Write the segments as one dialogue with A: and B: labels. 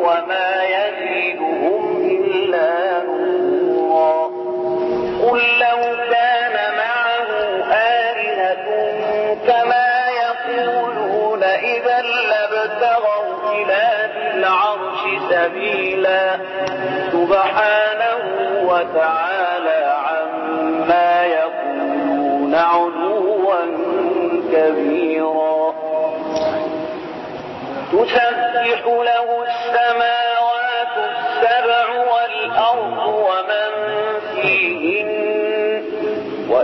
A: وما يزيدهم إلا نورا قل لو كان معه آلهة كما يقولون إذا لابتغوا إلى العرش سبيلا سبحانه وتعالى عما يقولون علوا كبيرا تسبح له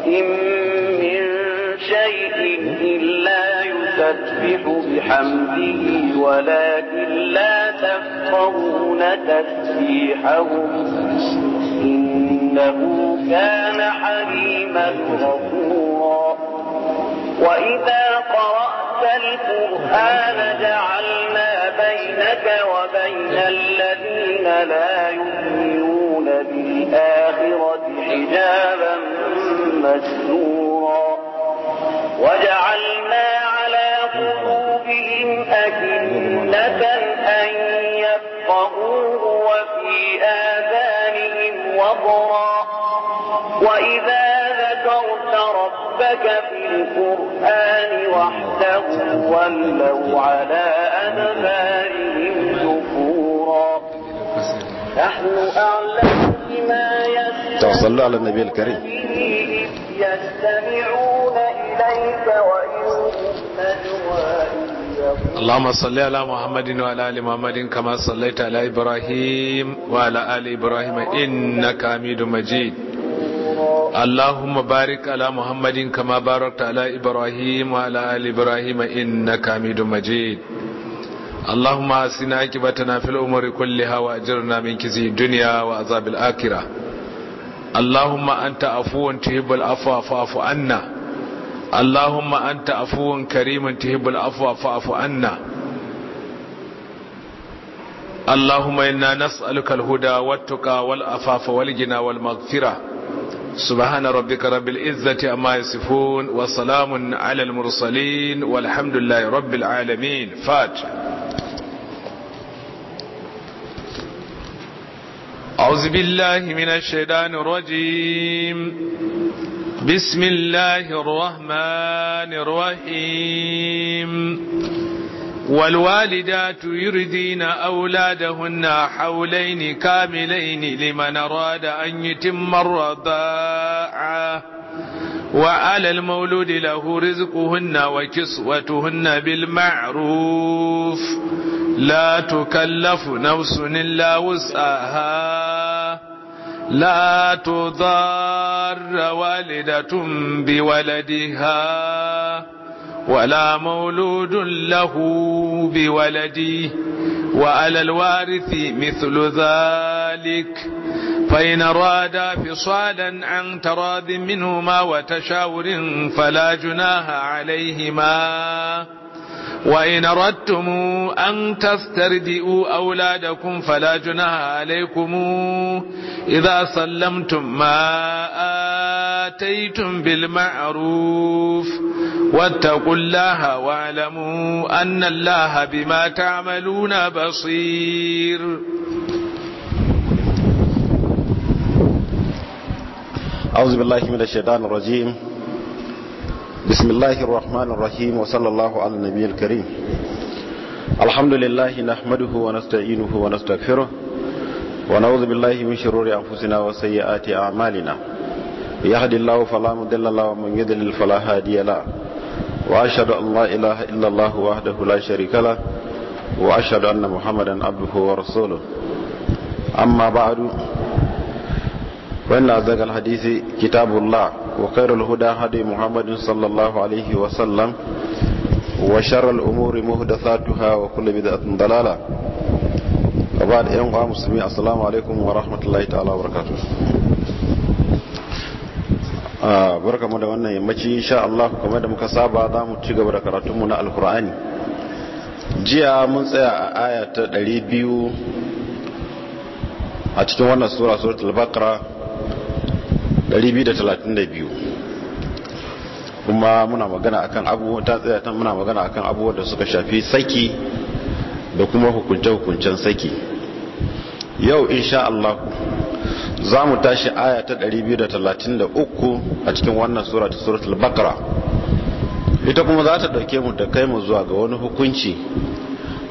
A: من شيء إلا يسبح بحمده ولكن لا تفقهون تسبيحهم إنه كان حليما غفورا وإذا قرأت القرآن جعلنا بينك وبين الذين لا يؤمنون بالآخرة حجابا مسرورا وجعلنا على قلوبهم أكنة أن يفقهوه وفي آذانهم وضرا وإذا ذكرت ربك في القرآن وحده ولوا على أدبارهم سفورا نحن أعلم بما يسرون
B: صلى على النبي الكريم
A: يستمعون إليك وإن نجوى
B: اللهم صل على محمد
C: وعلى ال محمد كما صليت على ابراهيم وعلى ال ابراهيم انك حميد مجيد اللهم بارك على محمد كما باركت على ابراهيم وعلى ال ابراهيم انك حميد مجيد اللهم اسنا عاقبتنا في الامور كلها واجرنا من خزي الدنيا وعذاب الاخره اللهم أنت عفو تهب العفو فاعف عنا اللهم أنت عفو كريم تهب العفو فاعف عنا اللهم إنا نسألك الهدى والتقى والعفاف والجنى والمغفرة سبحان ربك رب العزة أما يصفون وسلام على المرسلين والحمد لله رب العالمين فاتح أعوذ بالله من الشيطان الرجيم بسم الله الرحمن الرحيم والوالدات يردين أولادهن حولين كاملين لمن أراد أن يتم الرضاعة وعلى المولود له رزقهن وكسوتهن بالمعروف لا تكلف نفس إلا وسعها لا تضار والدة بولدها ولا مولود له بولدي وعلى الوارث مثل ذلك فإن أراد فصالا عن تراض منهما وتشاور فلا جناها عليهما وإن أردتم أن تسترجئوا أولادكم فلا جناح عليكم إذا سلمتم ما آتيتم بالمعروف واتقوا الله واعلموا أن الله بما تعملون
B: بصير أعوذ بالله من الشيطان الرجيم بسم الله الرحمن الرحيم وصلى الله على النبي الكريم الحمد لله نحمده ونستعينه ونستغفره ونعوذ بالله من شرور أنفسنا وسيئات أعمالنا يهد الله فلا مضل له ومن يضلل فلا هادي له وأشهد أن لا إله إلا الله وحده لا شريك له وأشهد أن محمدا عبده ورسوله أما بعد فإن أصدق الحديث كتاب الله وخير الهدى هدي محمد صلى الله عليه وسلم وشر الأمور مهدثاتها وكل بدعة ضلالة وبعد أيها المسلمين السلام عليكم ورحمة الله تعالى وبركاته barka mu da wannan yammaci insha Allah kamar da muka saba za mu ci gaba da karatunmu na alkur'ani jiya mun tsaya a aya ta 200 a cikin wannan sura suratul baqara 232 kuma muna magana akan abubuwan ta tsaya ta muna magana akan abubuwan da suka shafi saki da kuma hukunce-hukuncen saki yau insha Allah za mu tashi aya ta 233 a cikin wannan sura ta suratul bakara ita kuma za ta dauke mu da kai mu zuwa ga wani hukunci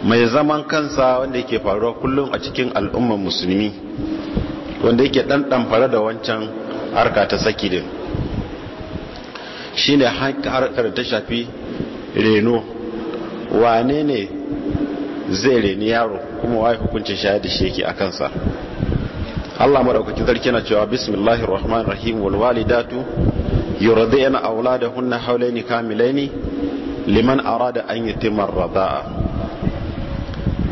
B: mai zaman kansa wanda yake faruwa kullum a cikin al'ummar musulmi wanda yake dan fara da wancan harka ta saki din shine harkar ta shafi reno wane ne zai reni yaro kuma wa hukuncin da shi yake a kansa Allah maɗaukaki zarki na cewa bismillahir rahmanir rahim wal walidatu yurdina auladahunna hawlaini kamilaini liman arada an yutimma ar-rida'a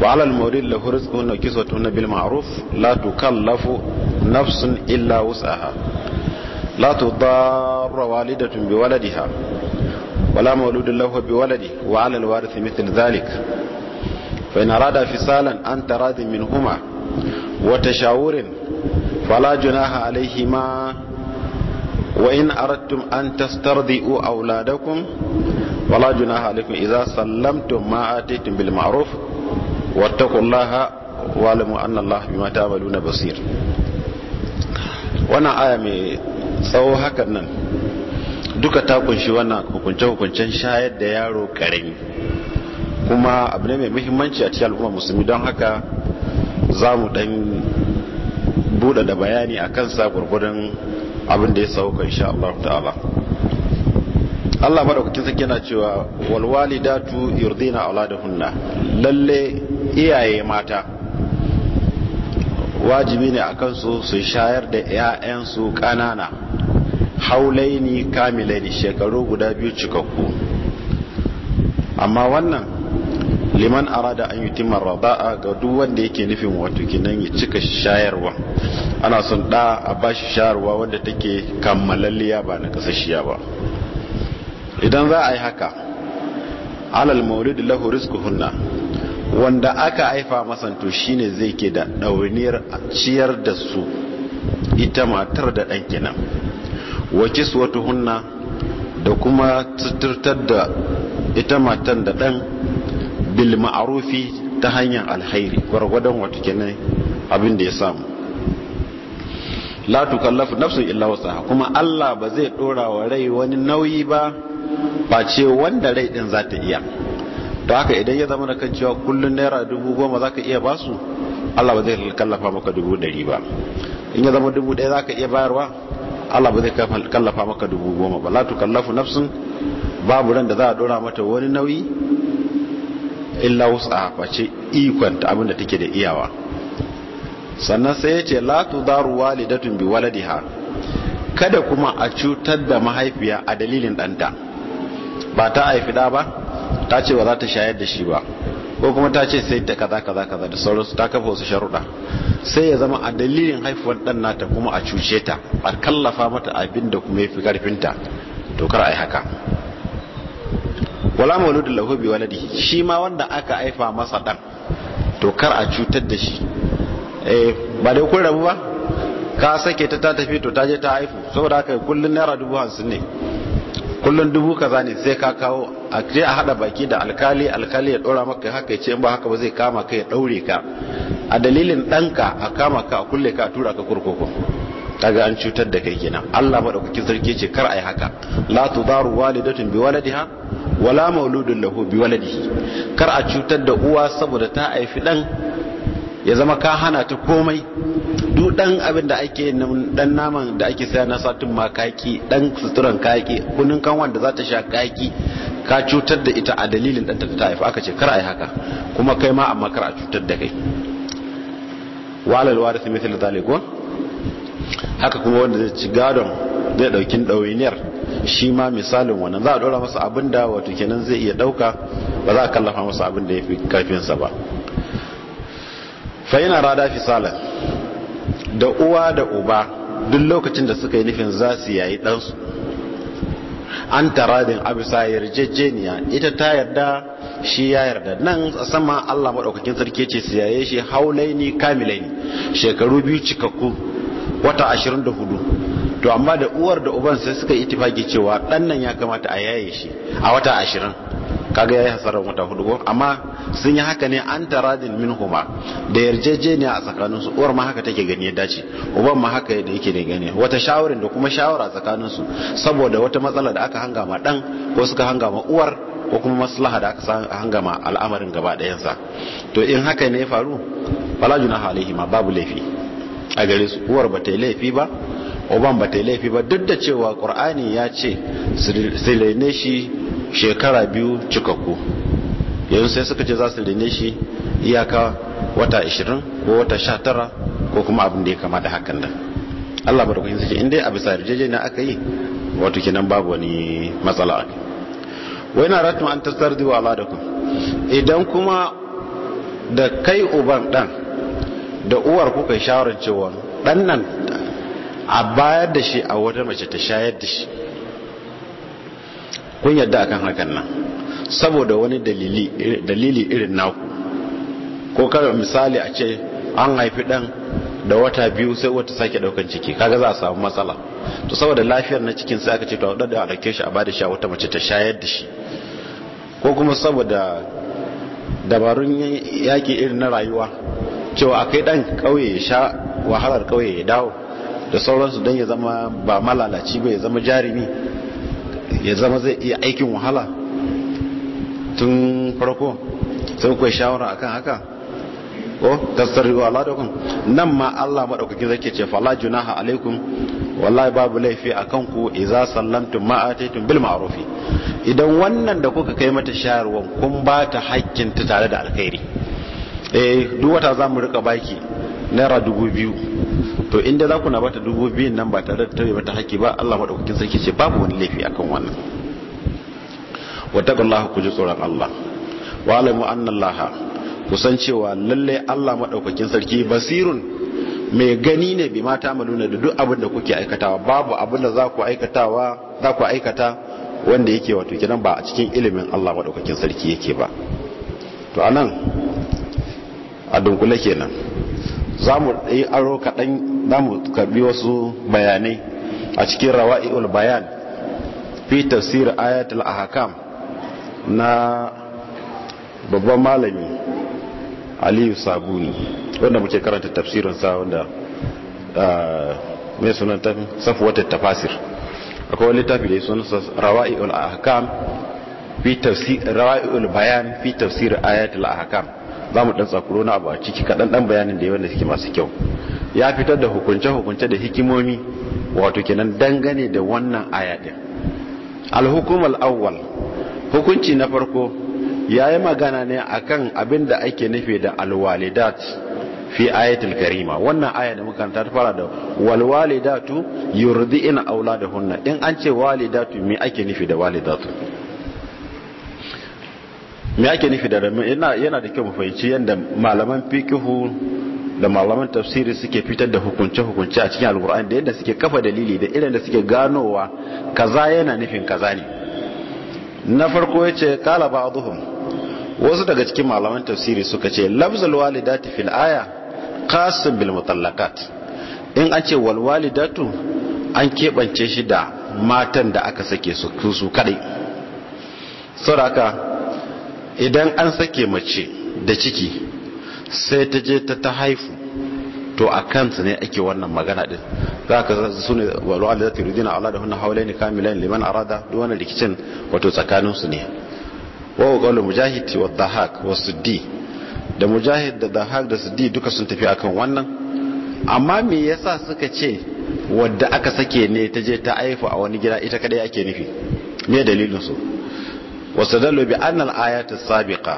B: wa alal al-mawlid lahu rizquhunna kiswatuhunna bil ma'ruf la tukallafu nafsun illa wus'aha لا تضار والدة بولدها ولا مولود له بولده وعلى الوارث مثل ذلك فإن أراد فصالا عن تراد منهما وتشاور فلا جناح عليهما وإن أردتم أن تسترضئوا أولادكم فلا جناح عليكم إذا سلمتم ما آتيتم بالمعروف واتقوا الله واعلموا أن الله بما تعملون بصير وانا آية tsawo hakan nan duka ta kunshi wannan hukunce-hukuncen shayar da yaro karami kuma abu ne mai muhimmanci a cikin al'umma musulmi don haka za mu dan buɗe da bayani a kan sa gwargwadon abin da ya sauka insha Allah ta'ala Allah madaukakin sake na cewa walwali datu yurdina auladahunna lalle iyaye mata wajibi ne a kansu su shayar da 'ya'yansu ƙanana haulaini kamilaini shekaru guda biyu cikakku amma wannan liman arada an yutimma raba'a ga duk wanda yake nufin wato kinan ya cika shayarwa ana son da a bashi shayarwa wanda take kammalalliya ba na kasashiya ba idan za a yi haka alal maulid lahu hunna wanda aka haifa masanto shine zai ke da ɗauniyar ciyar da su ita matar da ɗan nan wace su wata hunna da kuma tuturtar da ita matan da ɗan bil ma'arufi ta hanyar alhairi gwargwadon wata kenan abin da ya samu la tukallafu nafsu illa wasaha kuma Allah ba zai dora wa rai wani nauyi ba ba ce wanda rai ɗin za ta iya da haka idan ya zama kan cewa kullun naira dubu goma za ka iya ba su. allah ba zai kallafa maka dubu dari ba in ya zama dubu daya za ka iya bayarwa allah ba zai kallafa maka dubu goma ba latu kallafu nafsun babu ran da za a ɗora mata wani nauyi illa wasu a face ikon ta abin da take da iyawa sannan sai ya ce latu tu daru walidatun bi waladiha kada kuma a cutar da mahaifiya a dalilin ɗanta ba ta haifi ɗa ba ta ce ba za ta shayar da shi ba ko kuma ta ce sai ta kaza kaza kaza da sauransu ta kafa wasu sharuɗa sai ya zama a dalilin haifuwar ɗan nata kuma a cuce ta a kallafa mata abin da kuma ya fi ƙarfinta to kar a yi haka wala mauludin lahu bi waladihi shi ma wanda aka haifa masa ɗan to kar a cutar da shi eh ba dai kun rabu ba ka sake ta ta tafi to ta je ta haifu saboda haka kullun naira dubu hamsin ne kullum dubu kaza ne sai ka kawo a je a hada baki da alkali alkali ya dora maka haka ya ce ba haka ba zai kama ka ya daure ka a dalilin danka a kama ka a kulle ka a tura ka kurkuku kaga an cutar da kai kenan Allah madaukakin sarki ce kar a yi haka la tudaru walidatun bi waladiha wala mauludun lahu bi waladihi kar a cutar da uwa saboda ta haifi dan ya zama ka hana ta komai duk dan abin da ake dan naman da ake saya na satin makaki dan suturan kaki kunun kanwan da za ta sha kaki ka cutar da ita a dalilin dan ta haifa aka ce kar a yi haka kuma kai ma amma kar a cutar da kai walal warisi mithil zalik wa haka kuma wanda zai ci gadon zai dauki ɗawainiyar shi ma misalin wannan za a dora masa abin wato kenan zai iya ɗauka ba za a kallafa masa abin da ya fi karfinsa ba fa yana rada fisala da uwa da uba duk lokacin da suka yi nufin za su yayi ɗansu an taradin abisa yarjejeniya ita ta yarda shi ya yarda nan a sama Allah maɗaukakin sarki ce su yaye shi haulaini kamilaini shekaru biyu cikakku wata ashirin da hudu to amma da uwar da uban sai suka yi itifaki cewa ɗannan ya kamata a yaye shi a wata ashirin kaga yayi hasaran wata hudu ko amma sun yi haka ne an taradin minhuma da yarjejeniya a tsakanin su uwar ma haka take gani yadda dace uban ma haka da yake da gani wata shawarin da kuma shawara tsakanin su saboda wata matsala da aka hanga ma dan ko suka hanga ma uwar ko kuma maslaha da aka hanga ma al'amarin gaba sa to in haka ne ya faru fala juna alaihi ma babu laifi a gare su uwar ba ta yi laifi ba uban ba ta yi laifi ba duk da cewa qur'ani ya ce su shi shekara biyu cikakku yanzu sai suka ce za su rene shi iyaka wata 20 ko wata 19 ko kuma abin da ya kama da hakan da Allah bar da kuhin sace inda abisa bisa na aka yi wato nan babu wani matsala aka wai na ratun an tasardi wa aladakum idan kuma da kai uban dan da uwar kuka shawarar cewa dan nan a bayar da shi a wata mace ta shayar da shi kun yadda akan hakan nan saboda wani dalili dalili irin naku ko kada misali a ce an haifi dan da wata biyu sai wata sake daukan ciki kaga za a samu matsala to saboda lafiyar na cikin sai aka ce to da a dauke shi a bada shi wata mace ta shayar da shi ko kuma saboda dabarun yaki irin na rayuwa cewa akai dan kauye ya sha wahalar kauye ya dawo da sauransu don ya zama ba malalaci ba ya zama jarumi ya zama zai iya aikin wahala tun farko sai kuwa shawara akan haka ko tasarru wa ladakun nan ma Allah madaukakin zake ce fala junaha alaikum wallahi babu laifi akan ku idza sallamtum ma ataytum bil ma'ruf idan wannan da kuka kai mata shayarwar kun ba ta hakkin ta tare da alkhairi eh duk wata za mu rika baki naira dubu biyu to inda za ku na bata dubu biyun nan ba tare da tauye mata haƙƙi ba Allah maɗaukakin sarki ce babu wani laifi akan wannan wattaqullahu ku ji tsoron Allah wa alamu anna Allah ku cewa lalle Allah maɗaukakin sarki basirun mai gani ne bi mata maluna da duk abin da kuke aikatawa babu abin da za ku aikatawa za ku aikata wanda yake wato kenan ba a cikin ilimin Allah maɗaukakin sarki yake ba to anan a dunkule kenan za mu yi aro kaɗan za mu karɓi wasu bayanai a cikin rawa'i'ul bayan fi tafsir ayatul ahkam na babban malami aliyu sabuni wanda muke karanta sa wanda mai sunan wata tafasir akwai wani tafi da ya sunan rawa'i'ul ahkam fi tafsir rawa'i'ul bayan fi tafsir ayatul ahkam za mu ɗan tsakuro na abu a ciki kaɗan ɗan bayanin da yi da suke masu kyau ya fitar da hukunce-hukunce da hikimomi wato kenan dangane da wannan aya ɗin alhukumar awwal hukunci na farko ya yi magana ne a kan abin da ake nufi da alwalidat fi ayatul karima wannan aya da muka ta fara da walwalidatu Yurdi Aula da Hunna, in an ce walidatu me ake nufi da walidatu me ake nufi da rami yana da kyau mu fahimci yadda malaman fikihu da malaman tafsiri suke fitar da hukunce-hukunce a cikin alkur'ani da yadda suke kafa dalili da irin da suke ganowa kaza yana nufin kaza ne na farko ya ce kala ba wasu daga cikin malaman tafsiri suka ce labzal walidati fil aya qasim bil mutallaqat in an ce wal walidatu an keɓance shi da matan da aka sake su su kadai saboda idan an sake mace da ciki sai ta je ta ta haifu to a kanta ne ake wannan magana din za ka su ne walwal da zai rudina ala da hunna haulai ne kamilan liman arada duk wani rikicin wato tsakanin su ne wawo gaula mujahid wa dahak wa suddi da mujahid da dahak da suddi duka sun tafi akan wannan amma me yasa suka ce wadda aka sake ne ta je ta aifu a wani gida ita kadai ake nufi me dalilin su wasadallu bi annal ayatu sabiqa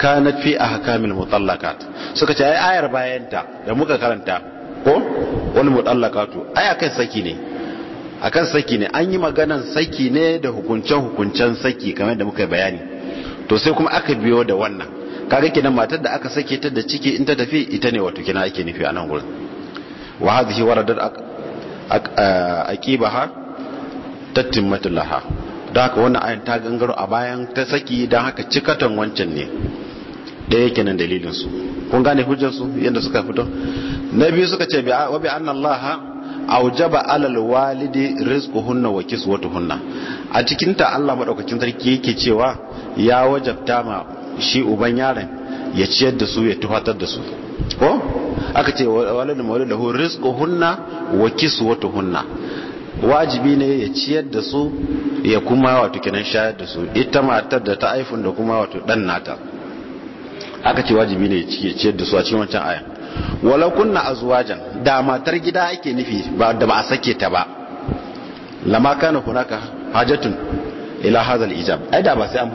B: kanat fi ahkamil mutallaqat suka ce ayar bayanta da muka karanta ko wal mutallaqatu aya akan saki ne akan saki ne an yi maganan saki ne da hukuncen hukuncen saki kamar da muka bayani to sai kuma aka biyo da wannan kaga kenan matar da aka sake ta da ciki in ta tafi ita ne wato kina ake nufi a nan gurin wa hadhihi waradat aqibaha laha. da haka wannan ayan ta gangaro a bayan ta saki da haka cikatan wancan ne da yake nan dalilinsu kun gane hujjarsu yadda suka fito na biyu suka ce wa bi anna allaha aujaba alal walidi hunna wa hunna. a cikin ta Allah madaukakin sarki yake cewa ya wajabta ma shi uban yaron ya ciyar da su ya tufatar da su ko aka ce walidin mawlidahu rizquhunna wa kiswatuhunna wajibi ne ya ciyar da su ya kuma wato kenan shayar da su ita matar da ta aifin da kuma wato dan nata aka ce wajibi ne ya ciyar da su a cikin wancan ayan walau kunna azwajan da matar gida ake nufi ba da ba a sake ta ba lama kana hunaka hajatun ila hadha ijab ai da ba sai an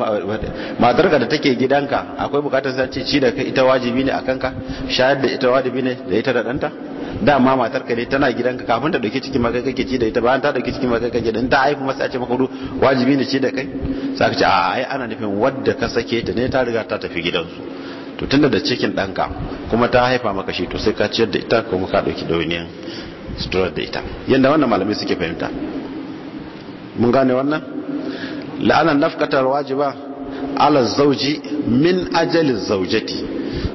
B: matar ka da take gidanka akwai bukatar sai ce ci da kai ita wajibi ne akan ka shayar da ita wajibi ne da ita da danta dama matar ka ne tana gidanka kafin ta dauki cikin maka kake ci da ita bayan ta dauki cikin maka kake da ta haifi masa a ce maka wajibi ne ci da kai sai ka ce a ai ana nufin wadda ka sake ta ne ta riga ta tafi gidansu to tunda da cikin danka kuma ta haifa maka shi to sai ka ciyar da ita kuma ka ɗauki ɗauniyan suturar da ita yadda wannan malamai suke fahimta mun gane wannan la'anar nafkatar wajiba ala zauji min ajali zaujati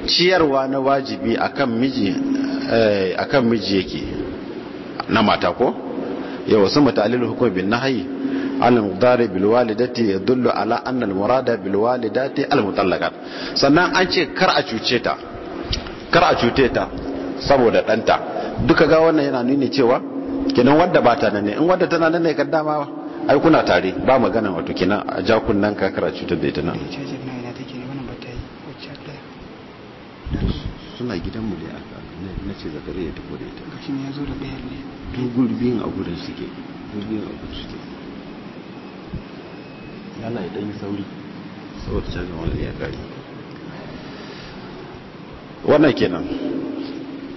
B: ciyarwa na wajibi akan miji eh, akan miji yake na mata ko ya wasu mutalil hukum bin nahyi al mudari bil ya dullu ala anna al murada bil walidati al sannan an ce kar a cuce ta kar a cute ta saboda danta duka ga wannan yana nuni cewa kenan wadda ba ta nan ne in wadda tana nan ne kan dama ai kuna tare ba magana wato kina a jakun nan ka kara cutar da ita nan suna gidanmu da aka na ce zakari ya tafi da ita
A: kashin ya zo da bayan ne
B: dubur biyun a gudun suke biyun a gudun suke yana ya ɗanyi sauri saboda cajin wani ya gari wannan kenan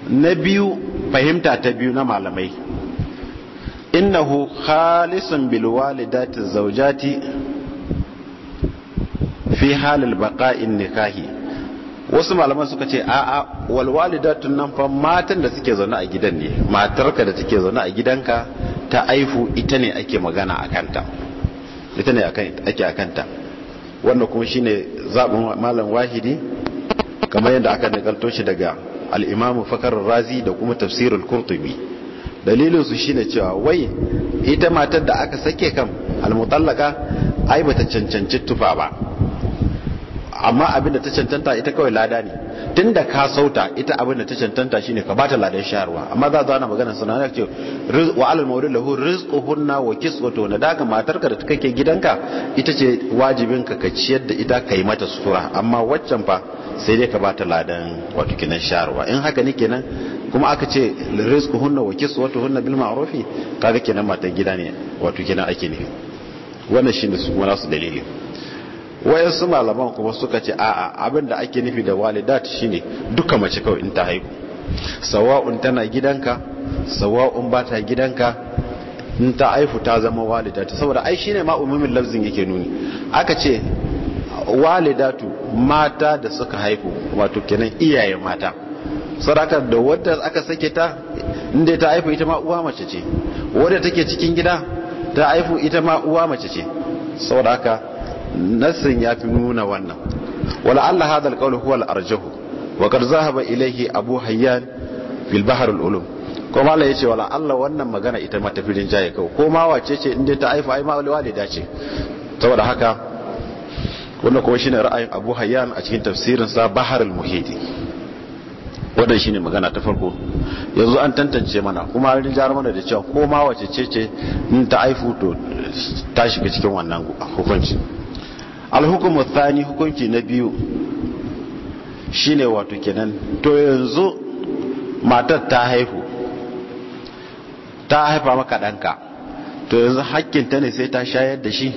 B: na biyu fahimta ta biyu na malamai innahu خالص bil الزوجات في fi البقاء baqa'in nikahi wasu malaman suka ce a'a wal walidatun nan fa matan da suke zaune a gidan ne matarka da take zaune a gidanka ta aifu ita ne ake magana a kanta ita ne ake a wannan kuma shine zaɓin malam wahidi kamar yadda aka nakalto shi daga al-imamu fakar razi da kuma tafsirul kurtubi. dalilinsu shine cewa wai ita matar da aka sake kan almutallaka ai bata cancanci tufa ba amma abin da ta cancanta ita kawai lada ne Tunda da ka sauta ita abin da ta cancanta shine ka bata ladan shayarwa amma za zo na magana suna na ce wa alal mawlud lahu rizquhunna wa kiswatu na daga matarka da kake gidanka ita ce wajibin ka ka ciyar da ita kai mata sutura amma waccan fa sai dai ka bata ladan wato kinan sharwa in haka ne kenan kuma aka ce rizqu hunna wa kiswatu hunna bil ma'ruf kaga kenan matan gida ne wato kenan ake ne wannan shine su wala su dalili su malaman kuma suka ce a'a abin da ake nufi da walidat shine duka mace kawai in ta haihu sawa'un tana gidanka sawa'un ba ta gidanka in ta haihu ta zama walidat saboda ai shine ma umumin lafzin yake nuni aka ce walidatu mata da suka haihu wato kenan iyaye mata sadakar da wadda aka sake ta inda ta haifu ita ma uwa mace ce wadda take cikin gida ta haifu ita ma uwa mace ce saboda haka nassin ya fi nuna wannan wala Allah hadal qawl huwa al-arjahu wa qad zahaba ilayhi abu hayyan fil bahr al-ulum ko mala yace wala Allah wannan magana ita ma tafirin jaye kau ko ma wace ce inda ta haifu ai ma walida ce saboda haka wannan kuma shine ra'ayin Abu Hayyan a cikin tafsirin sa Bahar al-Muhiti wannan shine magana ta farko yanzu an tantance mana kuma an jar mana da cewa ko ma wace ce ce in ta aifu to ta shiga cikin wannan hukunci al-hukmu thani hukunci na biyu shine wato kenan to yanzu matar ta haihu ta haifa maka danka to yanzu hakkinta ne sai ta shayar da shi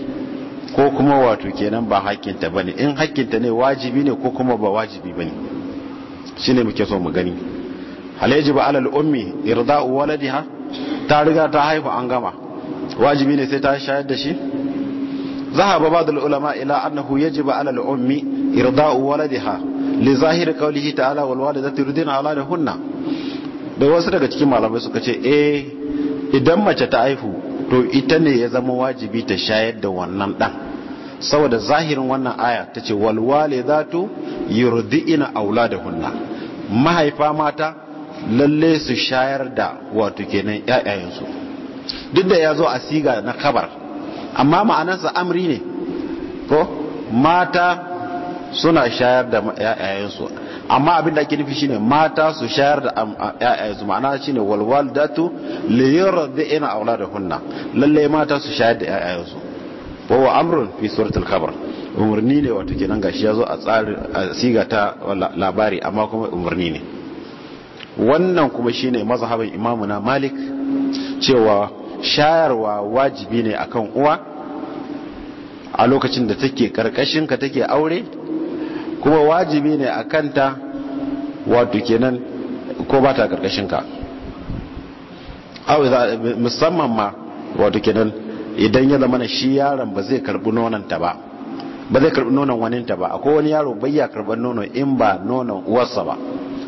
B: ko kuma wato kenan ba hakinta ba ne in hakinta ne wajibi ne ko kuma ba wajibi ba ne shi ne muke so mu gani halaji ba alal ummi irda'u waladiha ta riga ta haifa an gama wajibi ne sai ta shayar da shi ba ذهب بعض العلماء إلى أنه يجب على الأم إرضاء ولدها لظاهر قوله تعالى والوالدة يرضين أولادهن da wasu daga cikin malamai suka ce eh idan mace ta haihu to ita ne ya zama wajibi ta shayar da wannan ɗan saboda zahirin wannan aya ta ce walwale za to ina aula da hunna mahaifa mata lalle su shayar da wato kenan ƴaƴayensu duk da ya zo a siga na kabar amma ma'anarsa amri ne ko mata suna shayar da ƴaƴayensu amma abin da ake nufi shine mata su shayar da su ma'ana shine wal walidatu li yurdina hunna lalle mata su shayar da su. wa wa amrun fi suratul khabar umarni ne wato kenan gashi yazo a tsari a siga ta labari amma kuma umarni ne wannan kuma shine mazhabin imamu na malik cewa shayarwa wajibi ne akan uwa a lokacin da take karkashin ka take aure kuma wajibi ne a kanta wato kenan ko ba ta karkashin ka musamman ma wato kenan idan ya zama shi yaron ba zai karbi ta ba ba zai karbi nonon ta ba akwai wani yaro bai ya karban nono in ba nonon uwarsa ba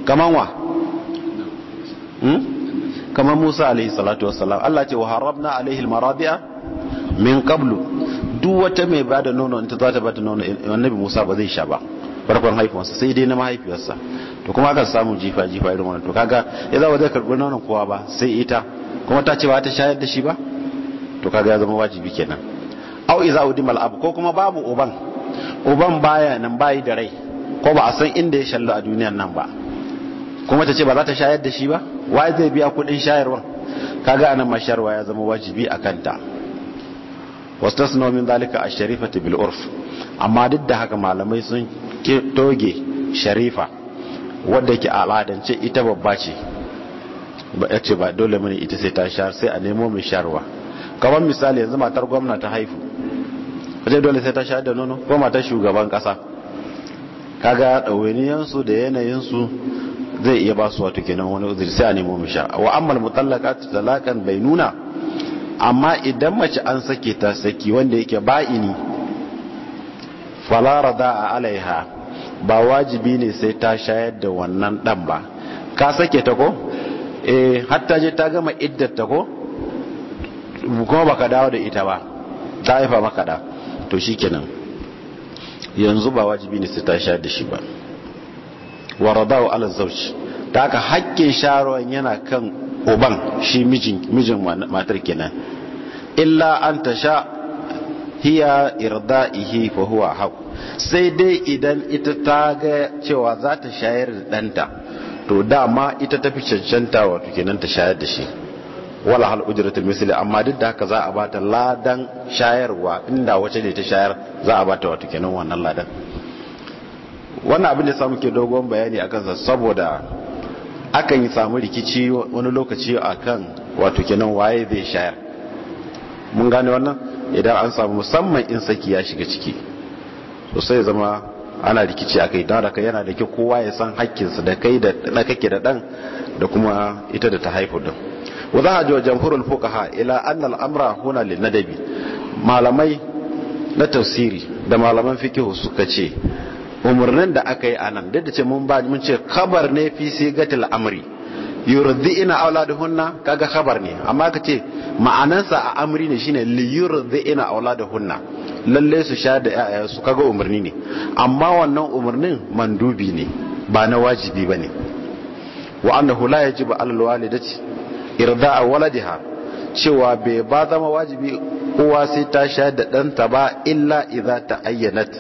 B: kaman wa hmm? kaman Musa alaihi salatu wassalam Allah ce wa harabna alaihi almarabi'a min qablu duk wata mai bada nono in ta zata bada nono annabi Musa ba zai sha ba farkon haifuwarsa sai dai na mahaifiyarsa to kuma akan samu jifa jifa irin wannan to kaga ya zama zai karɓi nonon kowa ba sai ita kuma ta ce ba ta shayar da shi ba to kaga ya zama wajibi kenan au iza udim al'ab ko kuma babu uban uban baya nan bayi da rai ko ba a san inda ya shallu a duniyar nan ba kuma ta ce ba za ta shayar da shi ba wa zai biya kuɗin shayarwa kaga anan masharwa ya zama wajibi a kanta wasu tasnomin zalika a sharifati bil urf amma duk da haka malamai sun toge sharifa wadda ke al'adance ita babba ce ba ya ce ba dole mani ita sai ta shar sai a nemo mai sharwa kamar misali yanzu matar gwamna ta haifu wajen dole sai ta shar da nono ko matar shugaban kasa kaga ɗawainiyansu da yanayinsu zai iya ba su wato kenan wani uzuri sai a nemo mai shayarwa wa ammal mutallaka talakan bai nuna amma idan mace an sake ta saki wanda yake ba'ini falara da a alaiha ba wajibi ne sai ta shayar da wannan dan ba ka sake ta ko eh hatta je ta gama ta ko kuma baka dawo da ita ba ta haifa maka da to shikenan yanzu ba wajibi ne sai ta shayar da shi ba waradau ala zauj ta ka hakkin sharuwan yana kan uban shi mijin mijin matar kenan illa an tasha hiya irda'ihi fa huwa haq sai dai idan ita ta ga cewa za ta shayar da danta to dama ita ta fi cancanta wato kenan ta shayar da shi wala hal ujratul misli amma duk da haka za a bata ladan shayarwa inda wace ne ta shayar za a bata wato kenan wannan ladan wannan abin da samu ke dogon bayani akan sa saboda akan yi samu rikici wani lokaci akan wato kenan waye zai shayar mun gane wannan idan an samu musamman in saki ya shiga ciki sosai zama ana rikici a kai don haka yana da kyau kowa ya san hakkinsa da kai da na kake da dan da kuma ita da ta haifu din wa za a ji ila anna al-amra huna lin nadabi malamai na tafsiri da malaman fikihu suka ce umarnin da aka yi anan duk da ce mun ba mun ce kabar ne fi sigatil amri ina auladuhunna kaga khabar ne amma kace ma'anansa a amri ne shine li ina auladuhunna lalle su sha da su kaga umarni ne amma wannan umarnin mandubi ne ba na wajibi bane wa annahu la yajibu al walidati irda'a waladiha cewa bai ba zama wajibi uwa sai ta sha da ɗanta ba illa idza ta ayyanat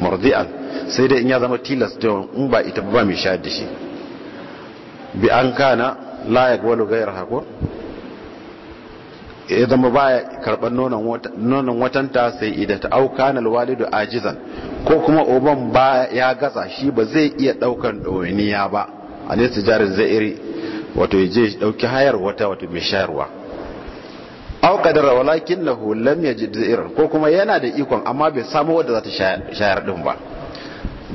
B: murdi'an sai dai in ya zama tilas in ba ita ba mai sha da shi bi an kana la yaqbalu gairar ko ya zama baya karɓar nonon watanta sai idan ta aukanal walidu ajizan ko kuma oban ba ya gatsa shi ba zai iya ɗaukar ɗawainiya ba a nesa jarin iri wato ya je dauki hayar wata wato mai shayarwa au kadara walakin ya ji zai zairan ko kuma yana da ikon amma bai samu wadda za ta shayar ɗin ba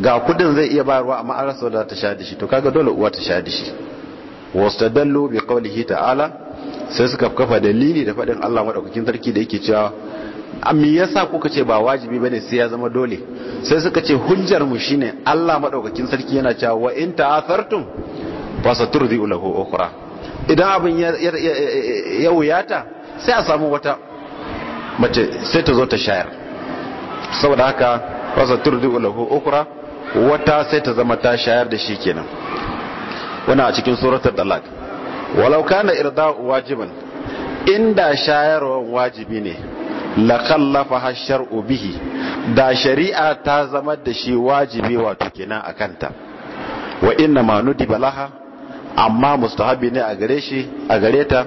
B: ga kudin zai iya bayarwa a an rasa wadda ta sha dishi to kaga dole uwa ta sha da bai wastadallu bi qawlihi ala. sai suka kafa dalili da fadin Allah madaukakin sarki da yake cewa amma yasa kuka ce ba wajibi bane sai ya zama dole sai suka ce hujjar mu shine Allah madaukakin sarki yana cewa wa in ta'athartum fasaturdi lahu ukhra idan abin ya wuyata sai a samu wata mace sai ta zo ta shayar saboda haka fasaturdi lahu ukhra wata sai ta zama ta shayar da shi kenan wana a cikin suratul talaq walau kana irda'u wajiban inda shayarwar wajibi ne la kallafa hashar'u da shari'a ta zama da shi wajibi wato kenan akanta wa inna ma nudi balaha amma mustahabi ne a gare shi a gare ta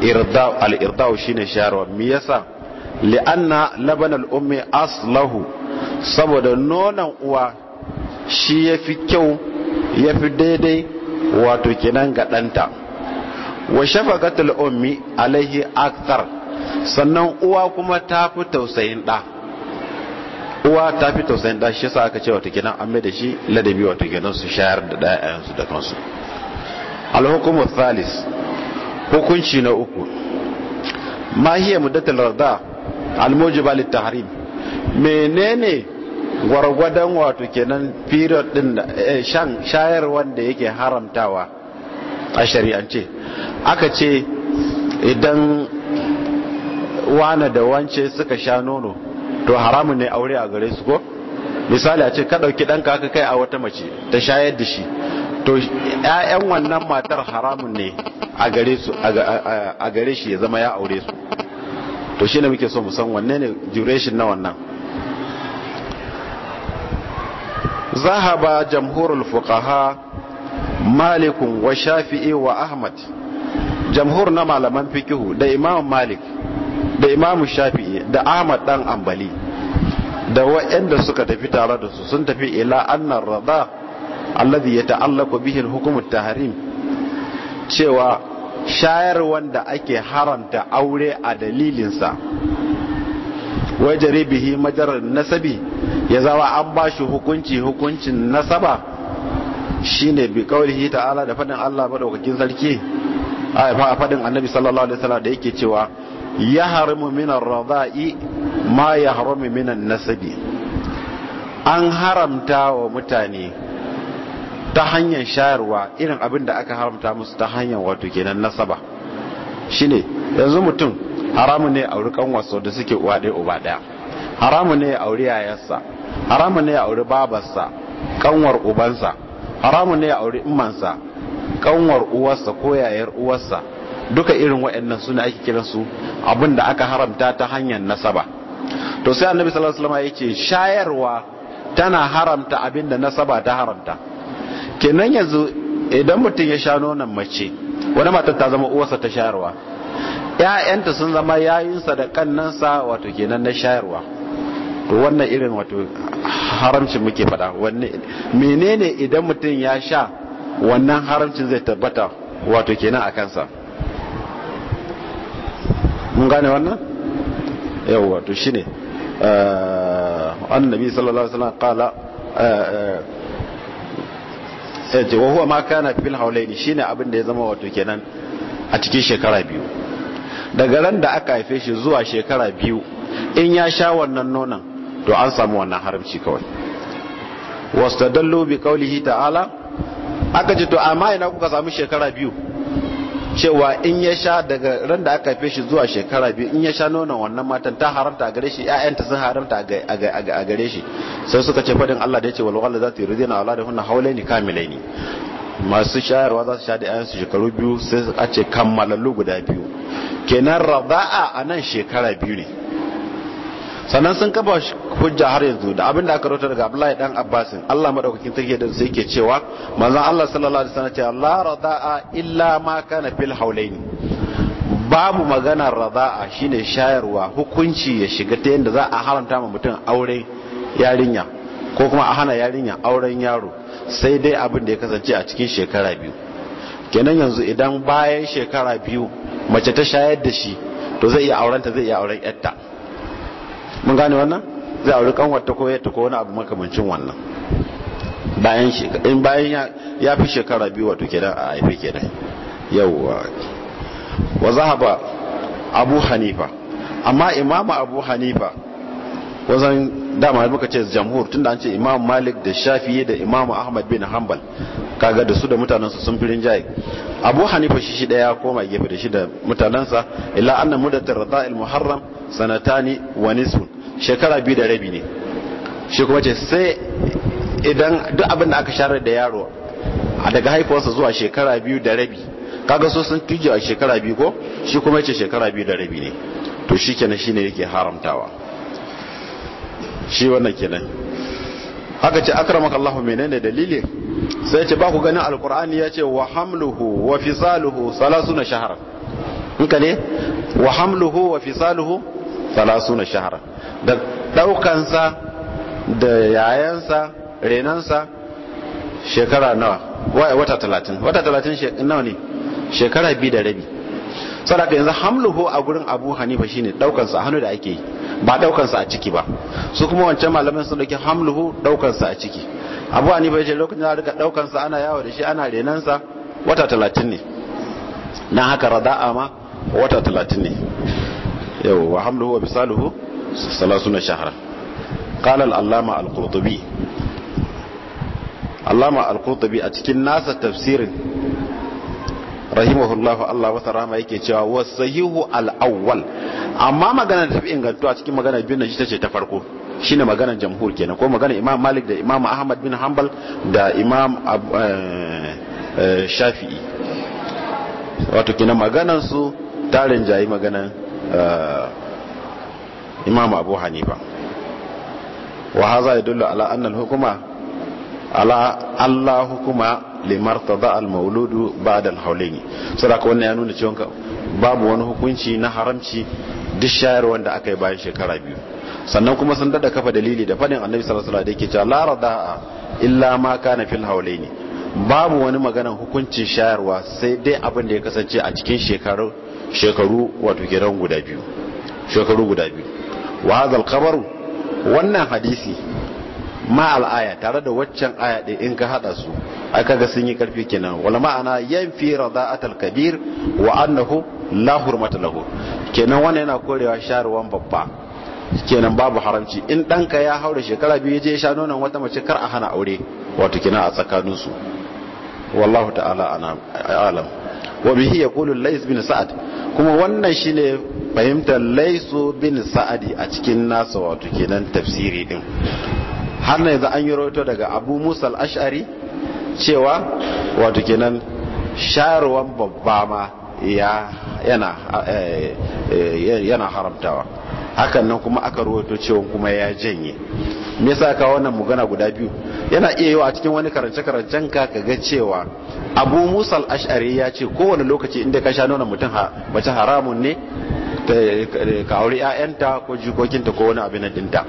B: irda'u al irda'u shine shayarwa me yasa li'anna laban ummi aslahu saboda nonon uwa shi ya fi kyau ya fi daidai wato kenan ga ɗanta wa omi ummi alaihi akthar sannan uwa kuma ta fi tausayin ɗa uwa ta fi tausayin ɗa shi yasa aka ce wato kenan amma da shi ladabi wato kenan su shayar da ɗayansu da kansu alhukumu thalis hukunci na uku ma hiya muddatul rada al mujiba tahrim menene gwargwadon wato kenan period din eh, shan shayar wanda yake haramtawa a shari'ance aka ce idan wane da wance suka sha nono to haramun ne aure a gare su ko misali a ce ka ɗauki ɗanka aka kai a wata mace ta shayar da shi to 'ya'yan wannan matar haramun ne a gare shi ya zama ya aure su to shi ne muke so musan wanne ne duration na wannan ذهب جمهور الفقهاء مالك وشافعي وأحمد جمهور نما لمن فقه ده إمام مالك ده إمام الشافعي ده أحمد دان أنبلي da waɗanda suka tafi tare da su sun tafi ila annar rada alladhi ya ta'allaku al-hukm at-tahrim cewa shayar wanda ake haramta aure a dalilinsa wajare bihi majarar nasabi ya zawa an ba shi hukunci hukuncin nasaba shine bi kawai ta'ala da fadin Allah madaukakin sarki a faɗin annabi sallallahu alaihi wasallam da yake cewa ya harimu minan radha'i ma ya harimu minan nasabi an haramta wa mutane ta hanyar shayarwa irin abin da aka haramta musu ta hanyar wato kenan nasaba shine yanzu mutum haramun ne auri kanwarsa da suke uwa uba ɗaya haramun ne auri yayarsa haramun ne auri babarsa ƙanwar ubansa haramu ne auri imansa kanwar uwarsa ko yayar uwarsa duka irin waɗannan suna ake kiransu abin da aka haramta ta hanyar nasaba to sai annabi sallallahu alaihi wasallam shayarwa tana haramta abin da nasaba ta haramta kenan yanzu idan mutum ya sha nonon mace wani matar ta zama uwarsa ta shayarwa ƴaƴanta sun zama yayinsa da kannansa wato kenan na shayarwa to wannan irin wato haramcin muke faɗa wanne menene idan mutum ya sha wannan haramcin zai tabbata wato kenan a kansa mun gane wannan yau wato shine eh, annabi sallallahu alaihi wasallam qala eh, eh, sai eh, ce wa huwa ma kana fil haulaini shine abin da ya zama wato kenan a cikin shekara biyu daga ran da aka haife shi zuwa shekara biyu in ya sha wannan nonon to an samu wannan haramci kawai wastadallu bi qawlihi ta'ala aka ce to amma ina kuka samu shekara biyu cewa in ya sha daga ran da aka haife shi zuwa shekara biyu in ya sha nonon wannan matan ta haramta a gare shi ƴaƴanta sun haramta a gare shi sai suka ce fadin Allah da yace wal walad zati yuridina auladahunna hawlaini kamilaini masu shayarwa za su sha da ƴaƴansu shekaru biyu sai a ce kammalallu guda biyu kenan rada'a a nan shekara biyu ne sannan sun kafa hujja har yanzu da abin da aka rota daga Abdullahi dan Abbas Allah madaukakin take da sai yake cewa manzon Allah sallallahu alaihi wasallam ce la radaa illa ma kana fil haulaini babu maganar radaa shine shayarwa hukunci ya shiga ta yanda za a haramta ma mutum aure yarinya ko kuma a hana yarinya auren yaro sai dai abin da ya kasance a cikin shekara biyu kenan yanzu idan bayan shekara biyu mace ta shayar da shi to zai iya aurenta zai iya auren yarta mun gane wannan zai auri kanwar ta koyar ta ko abu makamancin wannan bayan in bayan ya fi shekara biyu wato kenan a haife kenan yawwa wa zahaba abu hanifa amma imamu abu hanifa da dama muka ce jamhur tunda an ce imam malik da shafi da imam ahmad bin hanbal kaga da su da mutanensu sun firin jaye abu hanifa shi shi daya koma gefe da shi da mutanensa illa annan mudatar rada'il muharram sanatani wa nisfun shekara biyu da rabi ne shi kuma ce sai idan duk abin da aka share da yaro a daga haifuwarsa zuwa shekara biyu da rabi kaga so sun tuje a shekara biyu ko shi kuma ce shekara biyu da rabi ne to shi kenan shi ne yake haramtawa shi wannan kenan haka ce akramaka Allahu menene dalili sai ce ba ku ganin alqur'ani ya ce wa hamluhu wa fisaluhu salasuna shahran in ka ne wa hamluhu wa fisaluhu talasuna shahara da daukansa da yayansa renansa shekara nawa wata talatin wata talatin nawa ne shekara biyu da rabi sadaka yanzu hamluhu a gurin abu hanifa shine daukansa a hannu da ake yi ba daukansa a ciki ba su kuma wancan malamin sun dauki hamluhu daukansa a ciki abu hanifa yace lokacin da rika daukansa ana yawo da shi ana renansa wata talatin ne na haka rada'a ma wata talatin ne yau wa hamluhu wa bisaluhu salasuna shahra qala al-allama al-qurtubi allama al-qurtubi a cikin nasa tafsirin rahimahullahu Allah wata rama yake cewa wasahihu al-awwal amma magana da tafi ingantuwa cikin magana biyu nan ce ta farko shine magana jamhur kenan ko magana Imam Malik da Imam Ahmad bin Hanbal da Imam eh, eh, Shafi'i wato kenan maganar su tarin jayi maganar imam abu hanifa wa haza yadullu ala anna al-hukuma ala Allah hukuma limartada al-mauludu ba'da al-hawlaini sadaka wannan ya nuna cewa babu wani hukunci na haramci duk shayarwa wanda aka yi bayan shekara biyu sannan kuma sun dada kafa dalili da fadin annabi sallallahu alaihi wasallam da yake cewa la rada'a illa ma kana fil hawlaini babu wani maganan hukuncin shayarwa sai dai abin da ya kasance a cikin shekaru shekaru wato kenan guda biyu shekaru guda biyu wa hadha khabaru wannan hadisi ma al-aya tare da waccan aya din in ka hada su aka ga sun yi karfi kenan wala ma'ana yanfi rada'atul kabir wa annahu la hurmata lahu kenan wannan yana korewa sharuwan babba kenan babu haramci in ɗanka ya haura shekara biyu je sha nonon wata mace kar a hana aure wato kenan a tsakaninsu wallahu ta'ala alam wa bihi kulu Lais bin Sa'ad kuma wannan shine fahimtar Laisu bin Sa'adi a cikin nasa wato kenan tafsiri din har ne za an yi rawaito daga Abu musal ashari cewa wato kenan shayarwan babba ma ya yana eh, eh, yana haramtawa hakan nan kuma aka rawaito cewa kuma ya janye me yasa ka wannan magana guda biyu yana iya yiwa a cikin wani karance karancen ka kaga cewa Abu musal ashari ya ce kowane lokaci inda ka sha nonon mutum mace haramun ne ka aure ƴaƴanta ko jikokinta ko wani abin dinta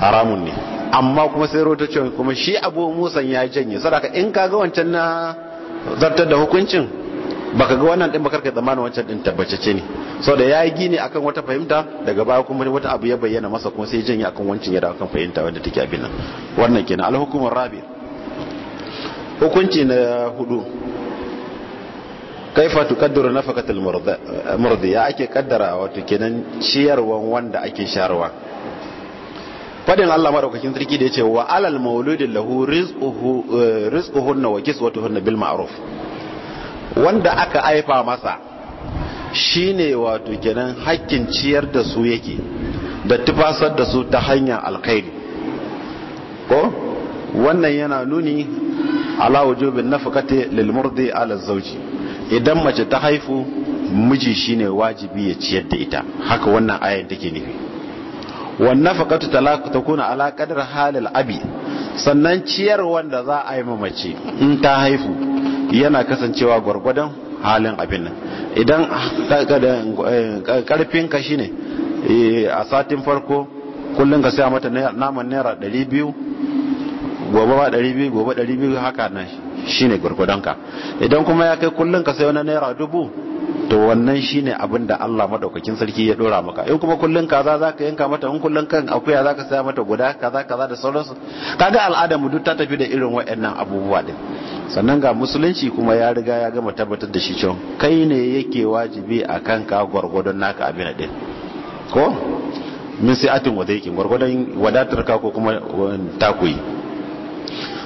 B: haramun ne amma kuma sai rota cewa kuma shi Abu musan ya janye sadaka in ka ga wancan na zartar da hukuncin baka ga wannan din bakar kai tsammanin wancan din tabbacece ne saboda ya yi gini akan wata fahimta daga baya kuma wata abu ya bayyana masa kuma sai janye akan wancan yadda akan fahimta wanda take abin nan wannan kenan alhukumar rabi hukunci na hudu kaifa tuqaddaru nafaqatul murdi ya ake kaddara wato kenan ciyarwan wanda ake sharwa fadin Allah madaukakin sarki da yace wa alal mauludin lahu rizquhu eh, rizquhunna wa kiswatuhunna bil ma'ruf wanda aka aifa masa shine wato kenan hakkin ciyar da su yake da tufasar da su ta hanyar alkhairi ko wannan yana nuni ala wujubin nafaqati lil murdi idan mace ta haifu miji shine wajibi ya ciyar da ita haka wannan ayar take nufi wannan fukatu ta kuna ala halil abi sannan ciyar wanda za a yi mamace in ta haifu yana kasancewa gwargwadon halin abin nan idan karfin ka shine eh, a satin farko kullum ka sai mata naman naira 200 gobe ba 200 gobe 200 haka nan shine gwargwadon ka idan kuma ya kai kullum ka sai wani naira dubu to wannan shine abin da Allah madaukakin sarki ya dora maka in kuma kullun kaza zaka yanka mata in kullun kan akuya zaka saya mata guda kaza kaza da sauransu kaga al'ada mu duk ta tafi da irin waɗannan abubuwa din sannan ga musulunci kuma ya riga ya gama tabbatar da shi cewa kai ne yake wajibi a kan ka gwargwadon naka abin din ko min si'atin wa zaiqin gwargwadon wadatar ka ko kuma takuyi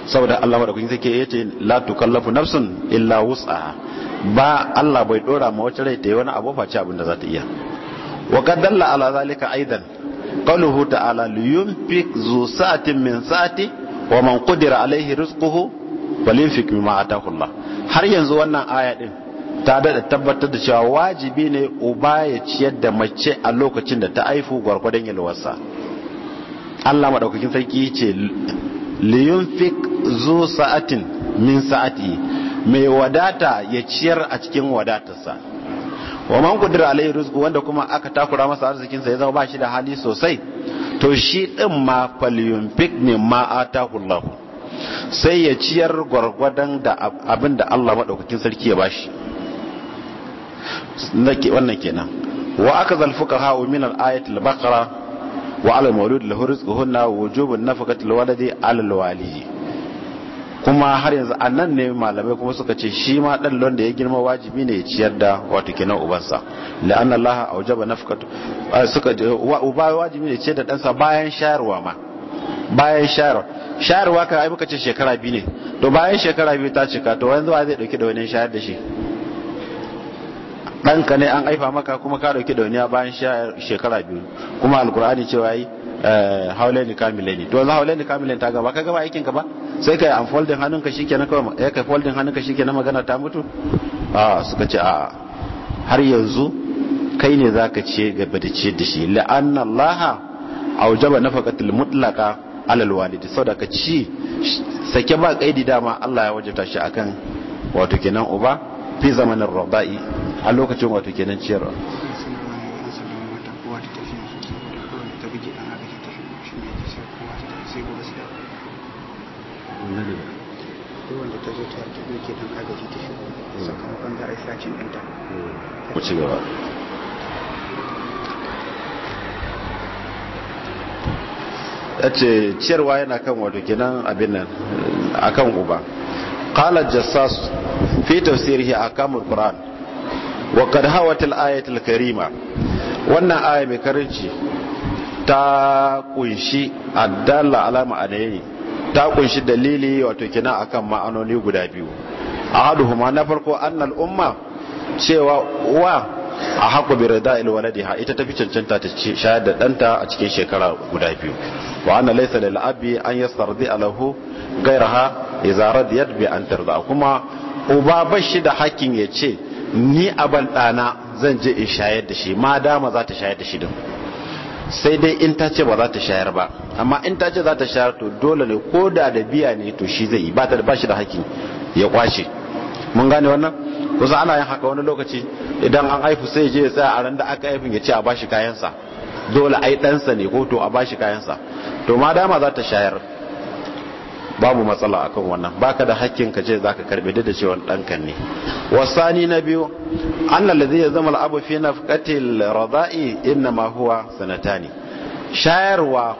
B: saboda Allah madaukakin sarki yace la tukallafu nafsun illa wus'aha ba Allah bai dora ma wacce rai ta yi wani abu face abin da za ta iya wa qaddalla ala zalika aidan qaluhu ta'ala yunfiq zu sa'atin min sa'ati wa man qadira alaihi rizquhu falyunfik mimma ataahu Allah har yanzu wannan aya din ta da tabbatar da cewa wajibi ne uba ya ciyar da mace a lokacin da ta haifu gwargwadon yalwarsa Allah madaukakin sarki ce yunfiq zu sa'atin min sa'ati mai wadata ya ciyar a cikin wadatarsa
C: wa man qadira alai
B: rizqu wanda kuma aka takura masa arzikin sa ya zama bashi da hali sosai to shi din ma falyunfik ma atahu Allah sai ya ciyar gwargwadon da abinda Allah madaukakin sarki ya bashi wannan kenan wa aka zalfuka ha'u min al-ayat al-baqara wa ala al-mawlud lahu rizquhunna wujubun nafaqati al-waladi ala al-walidi kuma har yanzu a nan ne malamai kuma suka ce shi ma dan lon da ya girma wajibi ne ya ciyar da wato kenan ubansa la anna allaha na fukatu suka uba wajibi ne ya ciyar da dansa bayan shayarwa ma bayan shayarwa shayarwa ka ai muka ce shekara biyu ne to bayan shekara biyu ta cika to yanzu wa zai dauki da wani shayar da shi ɗanka ne an aifa maka kuma ka dauki da wani bayan shekara biyu kuma alkur'ani cewa yi Eh, kamile ni to ni kamile ta gaba ka gaba aikin ka ba sai kai unfolding hannunka shikenan kawai eh kai folding hannunka shikenan magana ta mutu a suka ce a har yanzu kai ne zaka ci gaba da ci da shi anna Allah aujaba nafaqatul mutlaqa alal walidi saboda ka ci sake ba kaidi dama Allah ya wajabta shi akan wato kenan uba fi zamanin rabai a lokacin wato kenan ciyarwa ne ba duk wanda a ce ciyarwa yana kan wato kenan abin nan akan uba قال الجساس في تفسيره أحكام القرآن وقد هوت الآية الكريمة وأن آية ta kunshi dala alama a da ta kunshi dalili wato kina akan ma'anoni guda biyu ahaduhuma na farko annal umma cewa wa a haku bi rida ha ita tafi cancanta ta shayar da danta a cikin shekara guda biyu wa anna laysa lil abi an yastardi alahu gairaha idza radiyat bi an tarda kuma uba bashi da hakkin ya ce ni a dana zan je in shayar da shi ma dama za ta shayar da shi din sai dai in ta ce ba za ta shayar ba amma in ta ce za ta shayar to dole ne ko da da biya ne to shi zai yi ba ta ba shi da haƙƙi ya kwashe mun gane wannan kusa ana yin haka wani lokaci idan an haifu sai je ya tsaya a ran da aka haifin ya ce a bashi kayansa dole ai ɗansa ne ko to a bashi kayansa to ma dama za ta shayar babu matsala akan wannan baka da hakkin ka ce zaka karbe da cewa kan ne wasani na biyu annal ladhi yazama al abu fi nafqatil rada'i inna ma huwa sanatani shayarwa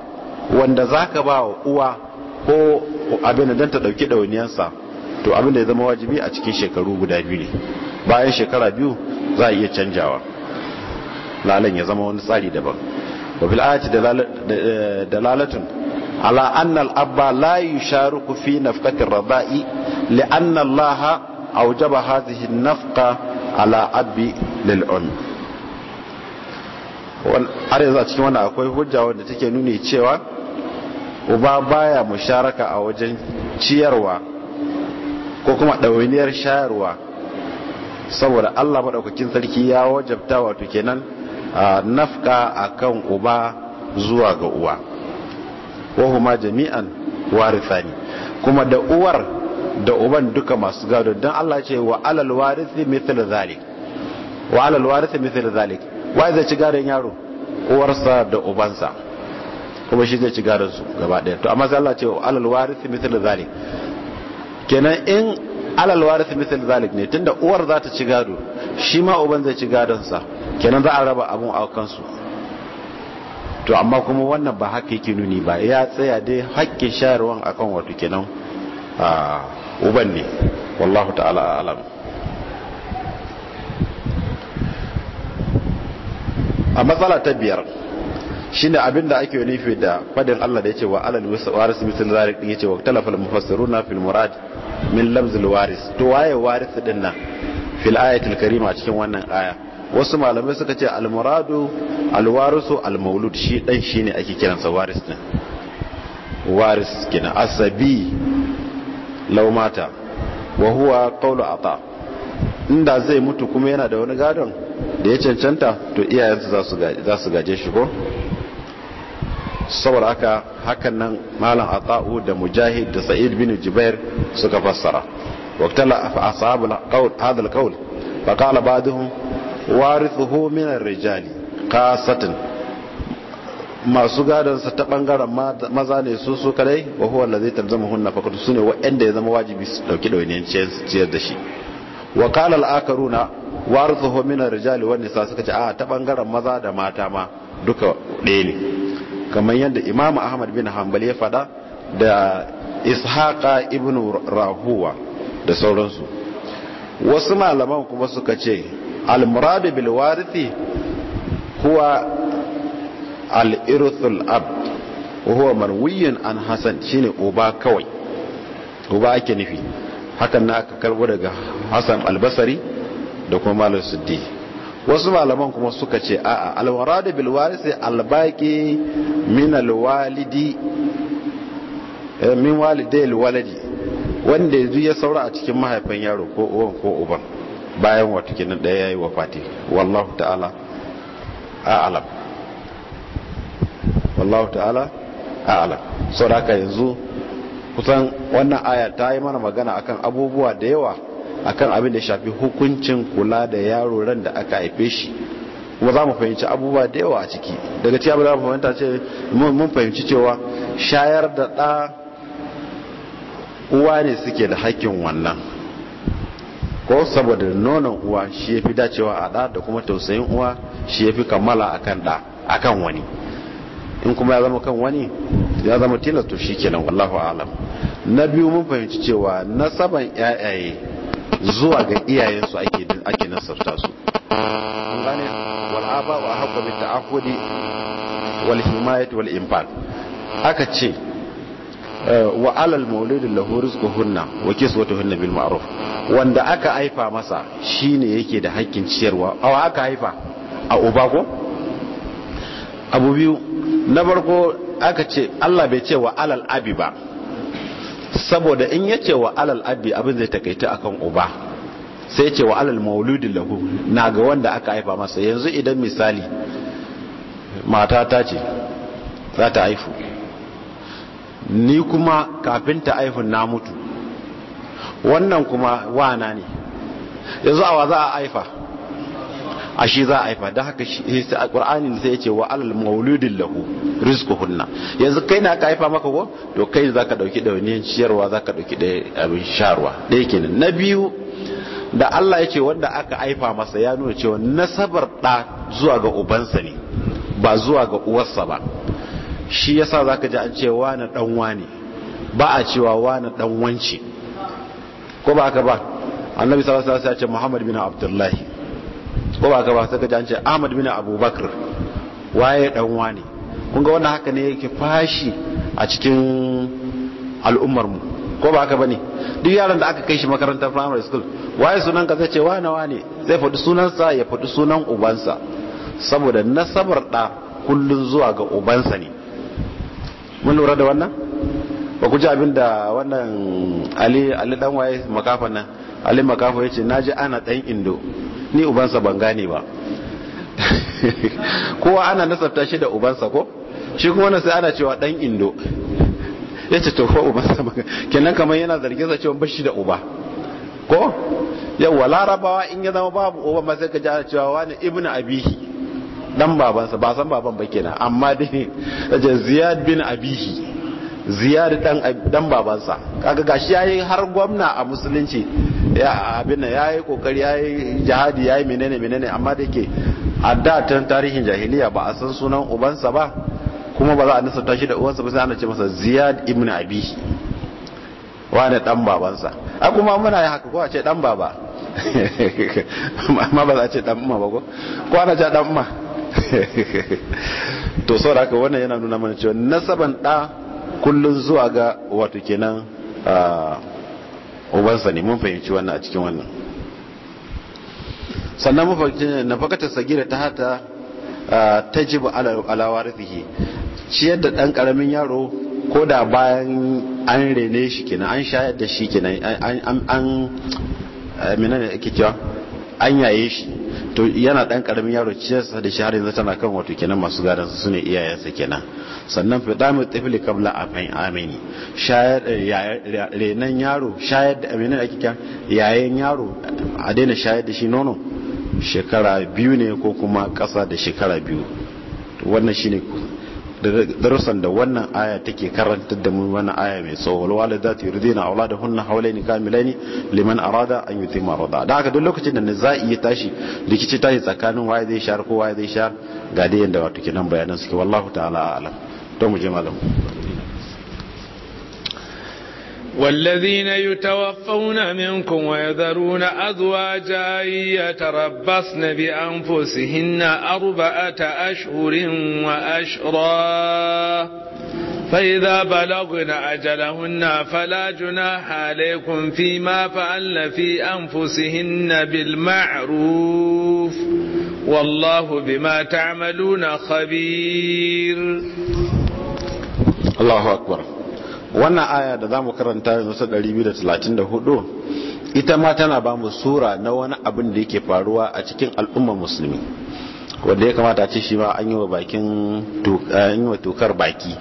B: wanda zaka ba wa uwa ko abin da ta dauki ɗauniyarsa to abin da ya zama wajibi a cikin shekaru guda biyu ne bayan shekara biyu za a iya canjawa lalan ya zama wani tsari daban wa bil ayati eh, dalalatun ala anna al-abba la yusharuku fi nafqati ar-raba'i li'anna Allah awjaba hadhihi an-nafqa ala a cikin wannan akwai hujja wanda take nuni cewa uba baya musharaka a wajen ciyarwa ko kuma ɗawainiyar shayarwa saboda Allah maɗaukakin sarki ya wajabta wato kenan nafka a kan uba zuwa ga uwa wahuma jami'an warithani kuma da uwar da uban duka masu gado don Allah ce wa alal warithi mithl zalik wa alal warithi mithl zalik wai zai ci gadon yaro uwarsa da ubansa kuma shi zai ci gadon su gaba ɗaya to amma sai Allah ce wa alal warithi mithl zalik kenan in alal warithi mithl zalik ne tunda uwar za ta ci gado shi ma uban zai ci gadon sa kenan za a raba abun a kansu to amma kuma wannan ba haka yake nuni ba ya tsaya dai hakkin shayarwan akan wato kenan a uban ne wallahu ta'ala alam a matsala ta biyar shine abin da ake nufi da fadin Allah da ya ce wa alal waris mithl zarik ya ce wa talafal na fil murad min lamzil waris to waye waris din nan fil ayatul karima cikin wannan aya wasu malamai suka ce almuradu alwarisu almaulud shi dan shine ake kiransa waris din waris kina asabi laumata wa huwa qawlu ata inda zai mutu kuma yana da wani gadon da ya cancanta to iyayensa za su gaje shi ko saboda haka hakan nan malam ata'u da mujahid da sa'id bin jubair suka fassara waqtala ashabul qawl hadha alqawl fa qala warithuhu min ar-rijali qasatan masu gadansa ta bangaren maza ne su su kadai wa huwa allazi na nafaqatu sune inda ya zama wajibi su dauki dawainiyan ciyar da shi wa qala al-akaruna warithuhu min rijali wa nisa suka ce a ta bangaren maza da mata ma duka ɗaya ne kamar yadda imamu ahmad bin hanbal ya fada da ishaqa ibnu rahuwa da sauransu wasu malaman kuma suka ce المراد بالوارث هو warithi huwa al مروي عن حسن huwa marwiyin كوي hasan shine uba kawai uba ake nufi hakan na aka karbo daga hasan al da kuma malam Sudi wasu malaman kuma suka ce a'a al-muradu bil warithi al min al-walidi min walidai al wanda ya saura a cikin mahaifin yaro ko uban ko uban bayan wata kinan ɗaya ya yi wa fati wallahu ta'ala a'alam wallahu ta'ala a'alam sau da aka yanzu kusan wannan aya ta yi mana magana akan abubuwa da yawa akan abin da shafi hukuncin kula da yaro ran da aka haife shi kuma za mu fahimci abubuwa da yawa a ciki daga cikin abin da mu fahimta ce mun fahimci cewa shayar da ɗa uwa ne suke da hakkin wannan ko saboda nonon uwa shi ya fi dacewa a ɗa da kuma tausayin uwa shi ya fi kammala a kan wani in kuma ya zama kan wani ya zama tilasto shi kenan wallahu alam na biyu mun fahimci cewa nasaban yayaye zuwa ga iyayensu ake ake nasarta su gane wal aba wa haqqu bit ta'aqqudi wal himayat wal aka ce Eh, wa alal maulidin lahu rizquhunna wa kiswatuhunna bil ma'ruf wanda aka haifa masa shine yake da hakkin ciyarwa awa aka haifa a uba ko abu biyu na farko aka ce Allah bai ce wa alal abi ba saboda in ya ce wa alal abi abin zai takaita akan uba sai ce wa alal mauludin lahu na ga wanda aka haifa masa yanzu idan misali matata ce za ta haifu ni kuma kafin ta aifin na mutu wannan kuma wana ne yanzu awa za a aifa a shi za a aifa don haka ƙur'ani sai ya ce wa alal mauludin lahu rizku hunna yanzu kai na ka haifa maka ko to kai za ka ɗauki ɗauniyar ciyarwa za ka ɗauki abin sharwa ɗaya kenan na biyu da Allah ya ce wanda aka aifa masa ya nuna cewa nasabar ɗa zuwa ga ubansa ne ba zuwa ga uwarsa ba shi yasa ka ji an ce na ɗanwa ne ba a cewa wa na wance ko ba ka ba annabi sallallahu alaihi wasallam ya ce muhammad bin abdullahi ko ba ka ba sai ka ji an ce ahmad bin abubakar waye dan wani kun ga wannan haka ne yake fashi a cikin al'ummar mu ko ba ba bane duk yaron da aka kai shi makarantar primary school waye sunan ka zai ce wane wane zai faɗi sunansa ya faɗi sunan ubansa saboda nasabar ɗa kullun zuwa ga ubansa ne mun lura da wannan ba ku ji abin da wannan ali ali dan waye makafa nan ali makafa yace naji ana dan indo ni ubansa ban gane ba kowa ana nasabta shi da ubansa ko shi kuma wannan sai ana cewa dan indo yace to ko ubansa kenan kamar yana zargin sa cewa bashi da uba ko yawa larabawa in ya zama babu uba ma sai ka ji ana cewa wani ibnu abihi dan babansa ba san baban ba kenan amma dai sace ziyad bin abihi ziyad dan dan babansa kaga gashi yayi har gwamna a musulunci ya abin nan yayi kokari yayi jihadi yayi menene menene amma da yake a tarihin jahiliya ba a san sunan ubansa ba kuma ba za a nasarta tashi da uwansa ba sai ana ce masa ziyad ibn abihi wani dan babansa a kuma muna yi haka ko a ce dan baba amma ba za a ce dan umma ba ko ko ana ce dan umma to saboda haka wannan yana nuna mana cewa nasaban da kullum zuwa ga wato kenan ubansa ne mun fahimci wannan a cikin wannan sannan mun fahimci nafakatar sagira ta hata tajibu ala warithihi ciyar da dan karamin yaro ko da bayan an rene shi kenan an shayar da shi kenan an menene an yaye shi to yana dan karamin yaro ciyarsa da shi har yanzu tana kan wato kenan masu gadon su ne iyayensa kenan sannan fidamu tifli qabla afain amini shayar renan yaro shayar da amini ake yayen yaro a daina shayar da shi nono shekara biyu ne ko kuma kasa da shekara biyu wannan shine darussan da wannan aya take karantar da mu wannan aya mai tsawo walwalidatu yurdina auladahunna hawlaini kamilaini liman arada an yutima rida da haka duk lokacin da ne za iya tashi rikici tashi tsakanin waye zai shar ko waye zai shar ga dai yanda wato kenan bayanan suke wallahu ta'ala a'lam to mu je malam
C: والذين يتوفون منكم ويذرون أزواجا يتربصن بأنفسهن أربعة أشهر وأشرا فإذا بلغن أجلهن فلا جناح عليكم فيما فعلن في أنفسهن بالمعروف والله بما تعملون خبير
B: الله أكبر wannan aya da za mu karanta yanzu 234 ita ma tana ba mu sura na wani abin da yake faruwa a cikin al'ummar musulmi wanda ya kamata ce shi ma an yi wa bakin tukar eh, baki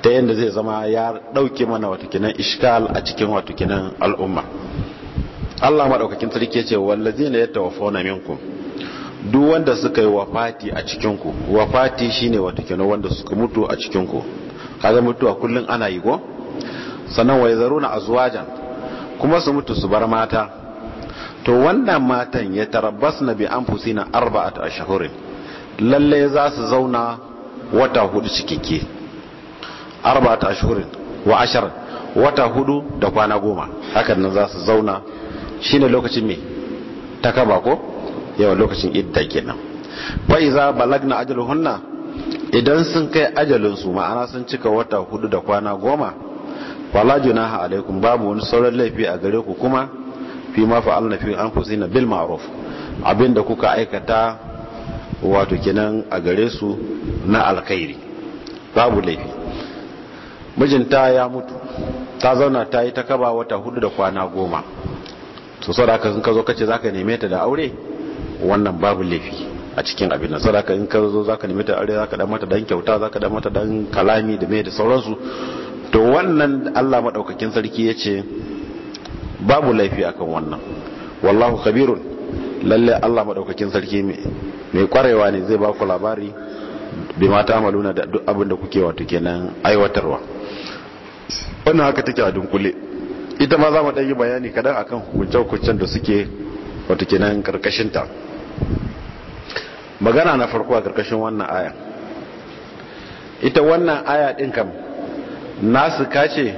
B: ta yadda zai zama ya ɗauke mana watakinan ishkal a cikin watakinan al'umma allah maɗaukakin sarki ce zai na yadda wafa wani minku duk wanda suka yi wafati a cikinku wafati shine watakinan wanda suka mutu a cikinku kaga mutuwa kullum ana yi go. sannan wa na azwajan kuma su mutu su bar mata to wannan matan ya tarabbasna bi arba a tashahurin lalle za su zauna wata hudu cikakke a tashahurin wa ashar wata hudu da kwana goma hakan nan za su zauna shine lokacin mai ta kaba ko yawa lokacin idda kenan balag na balagna hunna idan sun kai ajalinsu ma'ana sun cika wata hudu da kwana goma wala junaha alaikum babu wani sauran laifi a gare ku kuma fi ma na fi anfusina bil ma'ruf abinda kuka aikata wato kenan a gare su na alkhairi babu laifi mijinta ya mutu ta zauna ta yi ta kaba wata hudu da kwana goma so sadaka in ka zo kace zaka neme ta da aure wannan babu laifi a cikin abin nan sadaka in ka zo zaka neme ta aure zaka dan mata dan kyauta zaka dan mata dan kalami da mai da sauransu to wannan Allah maɗaukakin sarki ya ce babu laifi akan wannan wallahu kabirun lalle Allah maɗaukakin sarki mai kwarewa ne zai baku labari bi mata maluna da duk abin da kuke wato kenan aiwatarwa wannan haka take a dunkule ita ma za mu ɗan bayani kadan akan hukunce-hukuncen da suke wato kenan ƙarƙashinta magana na farko a karkashin wannan aya ita wannan aya ɗin kam nasu kace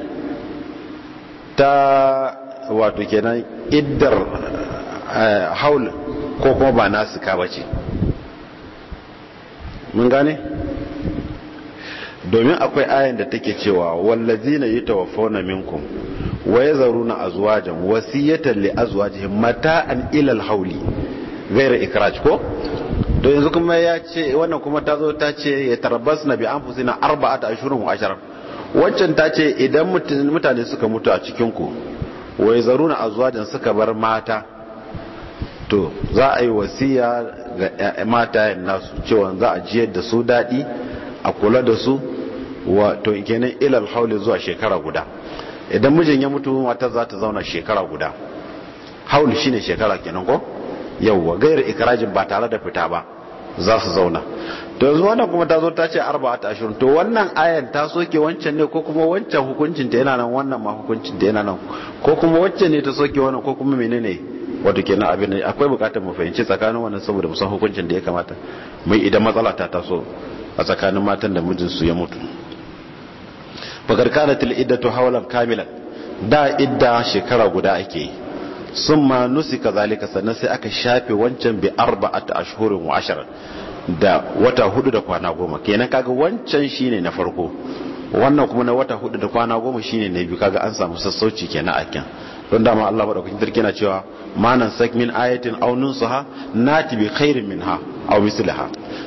B: ta wato kenan iddar eh, haul ko kuma ba nasu ka bace mun gane domin akwai ayan da take cewa wallazina yatawaffawna minkum wa yazaruna azwajan wasiyatan li azwajihim mata'an ila ilal hauli ghayra ikraj ko to yanzu kuma ya ce wannan kuma ta zo ta ce ya tarabbas na bi anfusina arba'ata ashirin wa ashirin. waccan ta ce idan mutane suka mutu a cikinku wai zaruna azwajan suka bar mata to za a yi wasiya ga mata nasu cewa za a jiyar da su daɗi a kula da su wato kenan ilal hauli zuwa shekara guda idan mijin ya mutu mata za ta zauna shekara guda hauli shine shekara kenan ko yauwa gairar ikirajin ba tare da fita ba za su zauna to yanzu wannan kuma ta zo ta ce arba'at ashirin to wannan ayan ta soke wancan ne ko kuma wancan hukuncin ta yana nan wannan ma hukuncin ta yana nan ko kuma wancan ne ta soke wannan ko kuma menene wato kenan abin ne akwai bukatar mu fahimci tsakanin wannan saboda musan hukuncin da ya kamata mai idan matsala ta taso a tsakanin matan da mijinsu ya mutu bakar kanatil iddatu hawlan kamilan da idda shekara guda ake yi sun ma nusi ka zalika sannan sai aka shafe wancan bi arba'at ashhurin wa ashirin. da wata hudu da kwana goma kenan kaga wancan shine na farko wannan kuma na wata hudu da kwana goma shine na biyu kaga an samu sassauci kenan a kyan don dama Allah madaukakin sarki yana cewa manan sak min ayatin aw nunsaha nati bi khairin minha aw mislaha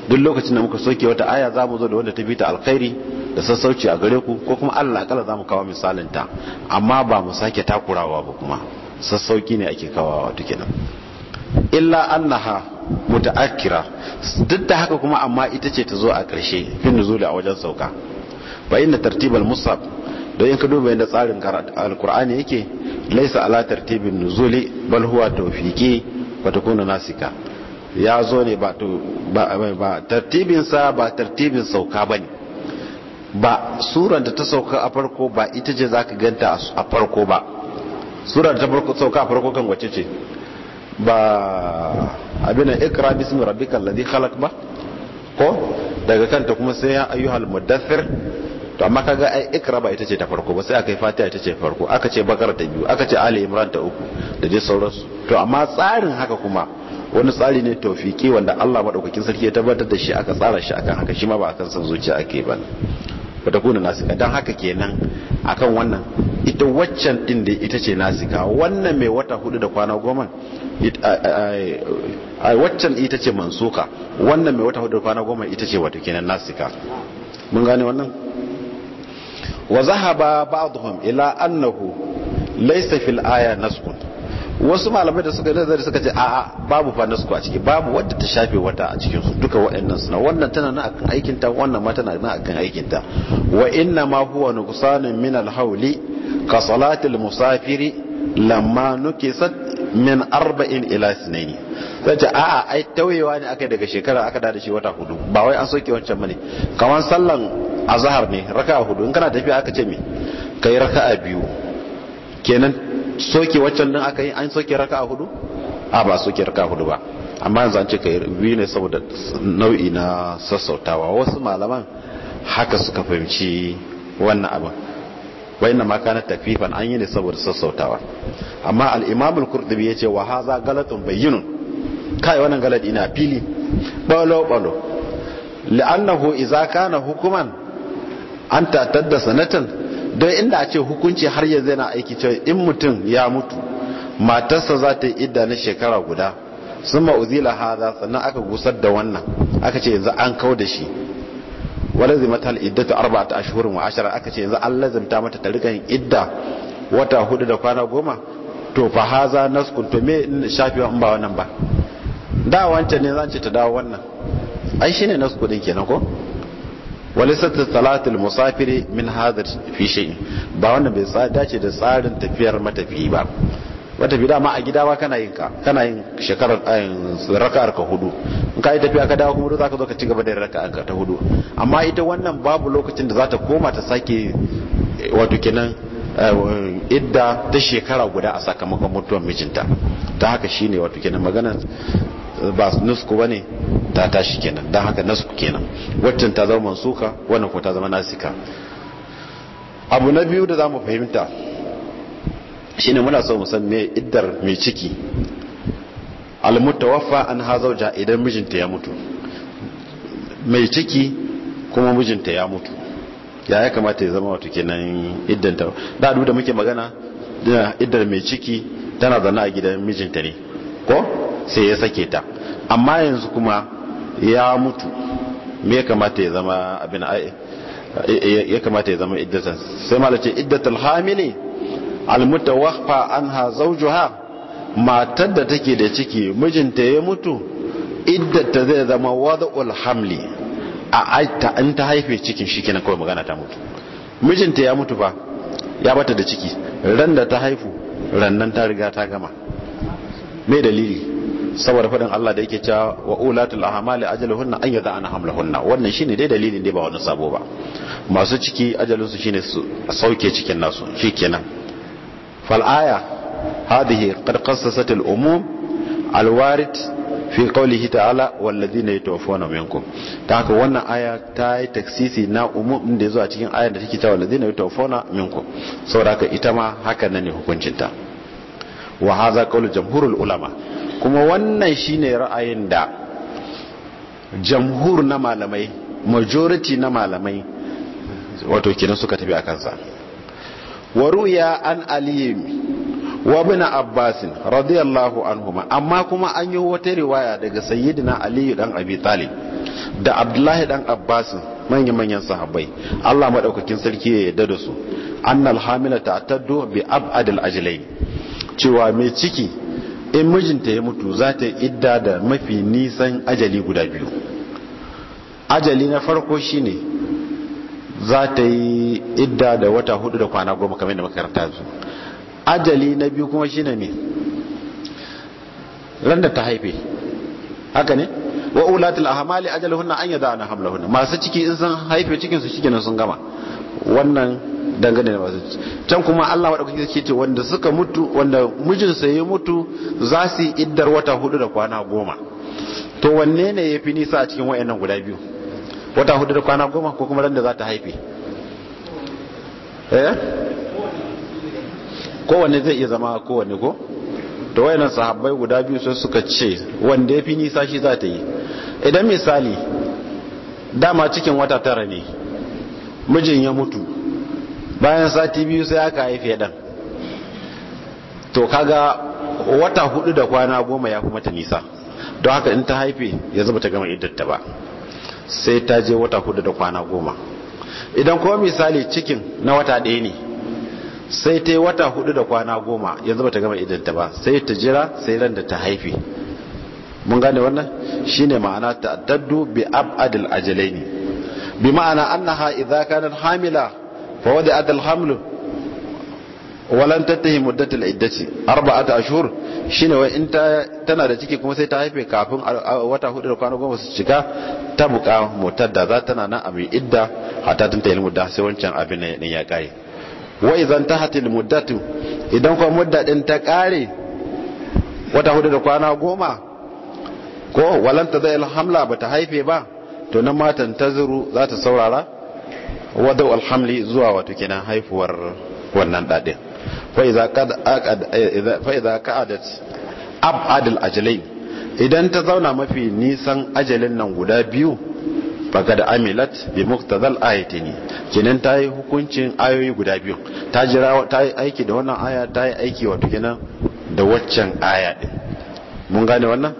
B: duk lokacin da muka soke wata aya za mu zo da wanda ta bi ta alkhairi da sassauci a gare ku ko kuma Allah kala za mu kawo misalin ta amma ba mu sake takurawa ba kuma sassauki ne ake kawawa wato kenan illa annaha mutaakkira duk da haka kuma amma ita ce ta zo a ƙarshe fi nuzuli a wajen sauka fa inna tartibal musab don in ka duba yadda tsarin alkur'ani yake laisa ala tartibin nuzuli bal huwa tawfiqi wa takuna nasika ya zo ne ba ba tartibin sa ba tartibin sauka bane ba suran da ta sauka a farko ba ita ce zaka ganta a farko ba suran ta sauka a farko kan wace ce ba abinan ikra bismi rabbika alladhi khalaq ba ko daga kanta kuma sai ya ayyuhal mudaththir to amma kaga ai ikra ba ita ce ta farko ba sai aka yi fatiha ita ce farko aka ce bakara ta biyu aka ce ali imran ta uku da dai sauransu to amma tsarin haka kuma wani tsari ne tawfiki wanda Allah madaukakin sarki ya tabbatar da shi aka tsara shi akan haka shi ma ba akan san zuciya ake ba fatakuna nasika don haka kenan akan wannan ita waccan din da ita ce nasika wannan mai wata hudu da kwana goma waccan ita ce mansuka wannan mai wata hudu da kwana goma ita ce wato kenan nasika mun gane wannan wa zahaba ba'dhum ila annahu laysa fil aya naskun wasu malamai da suka nazari suka ce a'a babu fa a ciki babu wadda ta shafe wata a cikin su duka waɗannan suna wannan tana na akan aikin ta wannan ma tana na akan aikin ta wa inna ma huwa nuqsanun min al ka salatil musafiri lamma nukisat min arba'in ila sinaini sai a'a ai tawayewa ne akai daga shekara aka da shi wata hudu ba wai an soke wancan bane kamar sallan azhar ne raka'a hudu in kana tafiya aka ce me kai raka'a biyu kenan soke waccan din aka yi an soke raka a hudu a ba soke raka a hudu ba amma yanzu an ce ka biyu ne saboda nau'i na sassautawa wasu malaman haka suka fahimci wannan abin wai na makanar tafifan an yi ne saboda sassautawa amma al'imamul kurdubi ya ce wa ha za galatun bayyinun kai wannan galat ina fili balo-balo li'annahu iza kana hukuman an tatar da sanatan don inda a ce hukunci har yanzu yana aiki cewa in mutum ya mutu matarsa za ta yi idda na shekara guda sun ma'uzila haza sannan aka gusar da wannan aka ce yanzu an kau da shi wala ta arba ta ashirin wa ashirin aka ce yanzu an lazimta mata ta rika yin idda wata hudu da kwana goma to fa haza naskun to me shafi in ba wannan ba da wancan ne zan ce ta dawo wannan ai shine nasku din kenan ko walisar talatul musafiri min hadar fi ba wannan bai dace da tsarin tafiyar matafiyi ba matafi dama a gida ba kana yin ka kana yin shekarar raka'ar ka hudu in ka yi tafiya ka dawo kuma za ka zo ka ci gaba da raka'ar ka ta hudu amma ita wannan babu lokacin da za ta koma ta sake wato kenan eh, idda ta shekara guda a sakamakon mutuwar mijinta ta haka shine wato kenan magana ba nusku bane ta tashi kenan don haka nasku kenan waccan ta zama mansuka wannan ko ta zama nasika abu na biyu da za mu fahimta shine muna so mu san me iddar mai ciki almutawaffa an hazauja idan mijinta ya mutu mai ciki kuma mijinta ya mutu ya ya kamata ya zama wato kenan iddanta da da muke magana iddar mai ciki tana zana a gidan mijinta ne ko sai ya sake ta amma yanzu kuma ya mutu me ya kamata ya zama abin ya kamata ya zama iddatan sai malace iddatul hamili almutawaffa anha zawjuha matar da take da ciki mijinta ya mutu iddata zai zama wadul hamli a aita an ta haife cikin shi kenan kawai magana ta mutu mijinta ya mutu ba ya bata da ciki ran da ta haifu rannan ta riga ta gama me dalili saboda faɗin Allah da yake cewa wa ulatul ahmali ajaluhunna an yadha an hamlahunna wannan shine dai dalilin da ba wani sabo ba masu ciki ajalunsu shine su sauke cikin nasu shikenan fal aya hadhihi qad qassasat al umum al warid fi qawlihi ta'ala ladina yatawaffawna minkum ta haka wannan aya ta yi taksisi na umum da zuwa cikin ayar da take cewa ladina yatawaffawna minkum saboda haka ita ma haka nan ne hukuncinta wa hadha qawlu jamhurul ulama kuma wannan shi ne ra'ayin da jamhur na malamai majority na malamai wato kinan suka tafi a kansa wa ruya an aliyu wa bin abbasin radiyallahu anhuma amma kuma an yi wata riwaya daga sayyidina aliyu dan abi talib da abdullahi dan abbasin manyan manyan sahabbai Allah madaukakin sarki ya yarda da su annal hamilata ataddu bi abadil ajlain cewa mai ciki in mijinta ya mutu za ta idda da mafi nisan ajali guda biyu ajali na farko shi ne za ta yi idda da wata hudu da kwana goma kamar da makaranta su ajali na biyu kuma shi ne ran da ta haife haka ne wa'ulatul ulatul ahmali ajaluhunna an hamla hamlahunna masu ciki in sun haife cikin su shikenan sun gama wannan dangane da masu can kuma Allah waɗaukaki ke ce wanda suka mutu wanda mijinsa ya mutu za su yi iddar wata hudu da kwana goma to wanne ne ya fi nisa a cikin wayannan guda biyu wata hudu da kwana goma ko kuma ran da za ta haife eh kowanne zai iya zama kowanne ko wayan wayannan sahabbai guda biyu sai suka ce wanda ya fi nisa shi za ta yi idan misali dama cikin wata tara ne mijin ya mutu bayan sati biyu sai aka haife dan to kaga wata hudu da kwana goma ya fi mata nisa don haka in ta haife yanzu ba ta gama iddata ba sai ta je wata hudu da kwana goma idan kuma misali cikin na wata ɗaya ne sai ta yi wata hudu da kwana goma yanzu ba ta gama iddata ba sai ta jira sai ran da ta haife mun gane wannan shine ma'ana ta ta'addadu bi ab'adil ne. بمعنى أنها إذا كانت حاملة فوضعت الحمل walan تتهي muddatul العدة أربعة أشهر shine wai in ta tana da ciki kuma sai ta haife kafin wata hudu da kwana goma su cika ta buka da za tana nan a mai idda hatta tun ta yi mudda sai wancan abin ne ya kare wa idan tahatil muddatu idan kuma mudda din ta kare wata hudu da kwana goma ko walanta ta zai hamla ta haife ba to nan matan taziru za ta saurara wadau alhamli zuwa wato kenan haifuwar wannan dadin eh, fa iza ka'adat ab'ad al-ajalain idan ta zauna mafi nisan ajalin nan guda biyu faqad amilat bi muqtadal ayatini kenan ta yi hukuncin ayoyi guda biyu ta jira ta yi aiki da wannan aya ta yi aiki wato kenan da waccan aya din mun gane wannan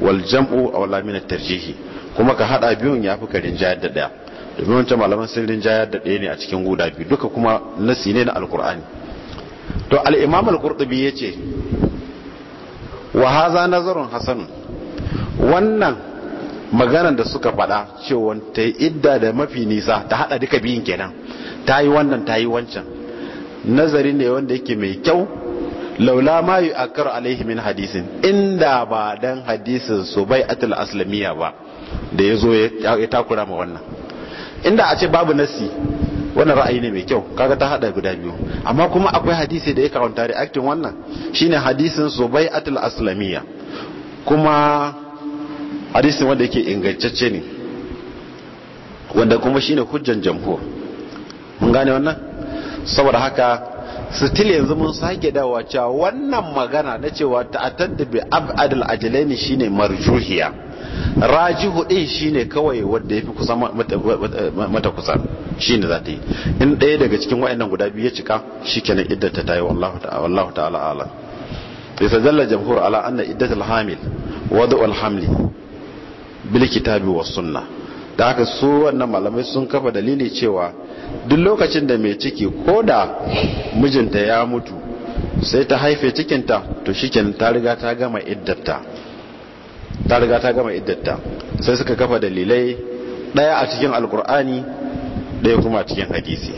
B: wal jam'u aw la min at-tarjihi kuma ka hada biyun ya fi ka jayar da daya domin wancan malaman sun jayar da daya ne a cikin guda biyu duka kuma nasi ne na alkur'ani to al'imam al-qurtubi ya ce wa haza nazarin hasan wannan maganar da suka faɗa cewa ta yi idda da mafi nisa ta hada duka biyun kenan ta yi wannan ta yi wancan nazari ne wanda yake mai kyau laula ma yi akar alaihi hadisin inda ba dan hadisin su bai atul aslamiya ba da ya zo ya takura ma wannan inda a ce babu nasi wannan ra'ayi ne mai kyau kaga ta hada guda biyu amma kuma akwai hadisi da ya karanta da aktin wannan shine hadisin zubai atul aslamiyya kuma hadisin wanda yake ingantacce ne wanda kuma shine hujjan jamhur mun gane wannan saboda haka sutil yanzu mun sake dawa cewa wannan magana na cewa ta'attad bi abadul ajalaini shine marjuhiya rajihu din shine kawai wanda yafi kusa mata kusa shine za ta yi in ɗaya daga cikin wayannan guda biyu ya cika shikenan iddata ta yi wallahu ta'ala jamhur ala anna iddat alhamil wadu alhamli. bil kitabi wa sunna da haka su wannan malamai sun kafa dalili cewa duk lokacin da mai ciki ko da mijinta ya mutu sai ta haife cikinta to shi ta riga ta gama iddatta. ta riga ta gama iddatta sai suka kafa dalilai daya a cikin alkur'ani daya kuma a cikin hadisi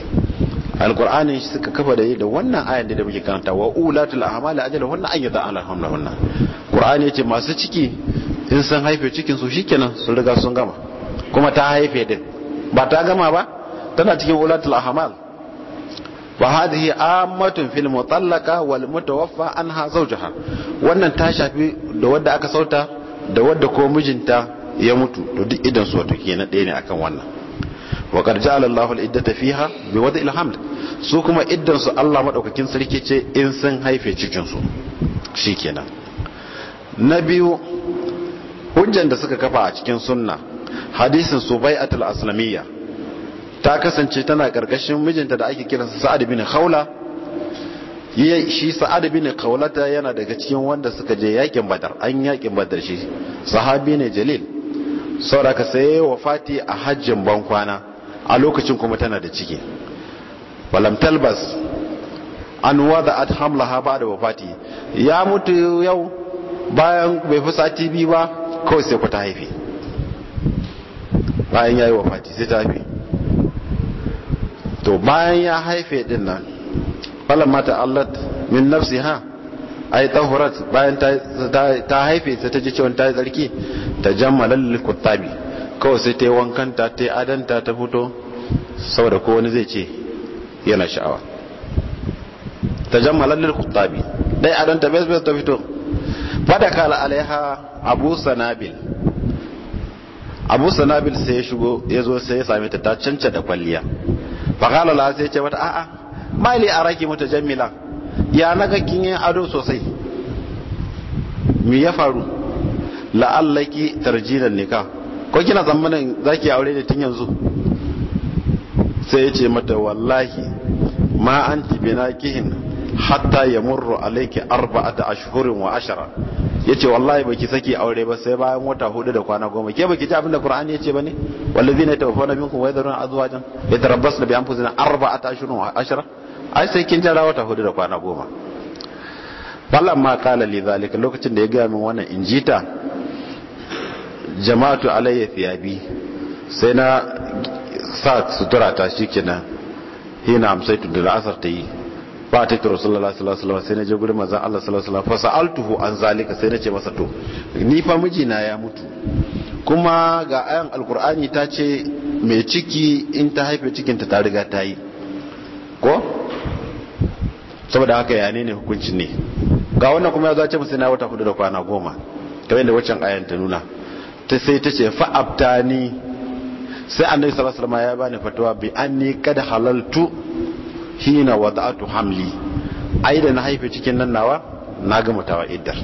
B: alkur'ani suka kafa da da wannan ayan da muke karanta wa ulatul ahmali ajaluhunna an yada'ala hunna qur'ani yace masu ciki in sun haife cikin su shikenan sun riga sun gama kuma ta haife din ba ta gama ba tana cikin ulatul ahmal wa hadhihi ammatun fil mutallaqa wal mutawaffa anha zawjaha wannan ta shafi da wanda aka sauta da wadda ko mijinta ya mutu to duk idan su wato kenan na ɗaya ne akan wannan wa qad ja'ala Allahu al-iddata fiha bi wada al-hamd su kuma iddan su Allah madaukakin sarki ce in sun haife cikin su shikenan na biyu hujjan da suka kafa a cikin sunna hadisin subai'atul aslamiyya ta kasance tana karkashin mijinta da ake kiransa sa'ad bin khawla shi sa'ad bin kaulata yana daga cikin wanda suka je yakin badar an yakin badar shi sahabi ne jalil sauraka sai fati a hajjin ban kwana a lokacin kuma tana da ciki balam talbas an wada at hamlaha ba da wafati ya mutu yau bayan bai fi sati biyu ba kawai sai ku ta haife bayan ya yi wafati sai ta haife to bayan ya haife din falamma ta allat min ha ay tahurat bayan ta haife sai ta ji cewa ta yi tsarki ta jammala lil kawai sai ta yi wankanta ta yi adanta ta fito saboda ko wani zai ce yana sha'awa ta jammala lil dai adanta bes bes ta fito kala alaiha abu sanabil abu sanabil sai ya shigo ya zo sai ya same ta ta da kwalliya kala la sai ya ce mata a'a mali a raki mata jamila ya naga kin yin ado sosai mi ya faru la'allaki tarjinan nika ko kina tsammanin zaki aure da tun yanzu sai ya ce mata wallahi ma an na kihin hatta ya yamurru alayki arba'ata ashhurin wa ashara yace wallahi baki saki aure ba sai bayan wata hudu da kwana goma ke baki ji abin da Qur'ani yace bane wallazina tawaffawna minkum wa yadhuruna azwajan yatarabbasna bi anfusina arba'ata ashhurin wa ashara ai sai kin jira wata hudu da kwana goma ballan ma kala li zalika lokacin da ya gaya min wannan injita jama'atu alayya fiyabi sai na sa sutura ta shikenan hina amsaitu da asar ta yi ba ta kira sallallahu alaihi wasallam sai na je gurin manzon Allah sallallahu alaihi wasallam fa sa'altuhu an zalika sai na ce masa to ni fa mijina ya mutu kuma ga ayan alqur'ani ta ce mai ciki in ta haife cikinta ta riga ta yi ko saboda haka ya ne hukuncin ne ga wannan kuma ya zo ce musu na wata hudu da kwana goma kamar da waccan ayan ta nuna ta sai ta ce fa'abta ni sai annabi sallallahu alaihi wasallam ya bani fatawa bi anni kad halaltu hina wada'tu hamli ai da na haife cikin nan nawa na gama tawa iddar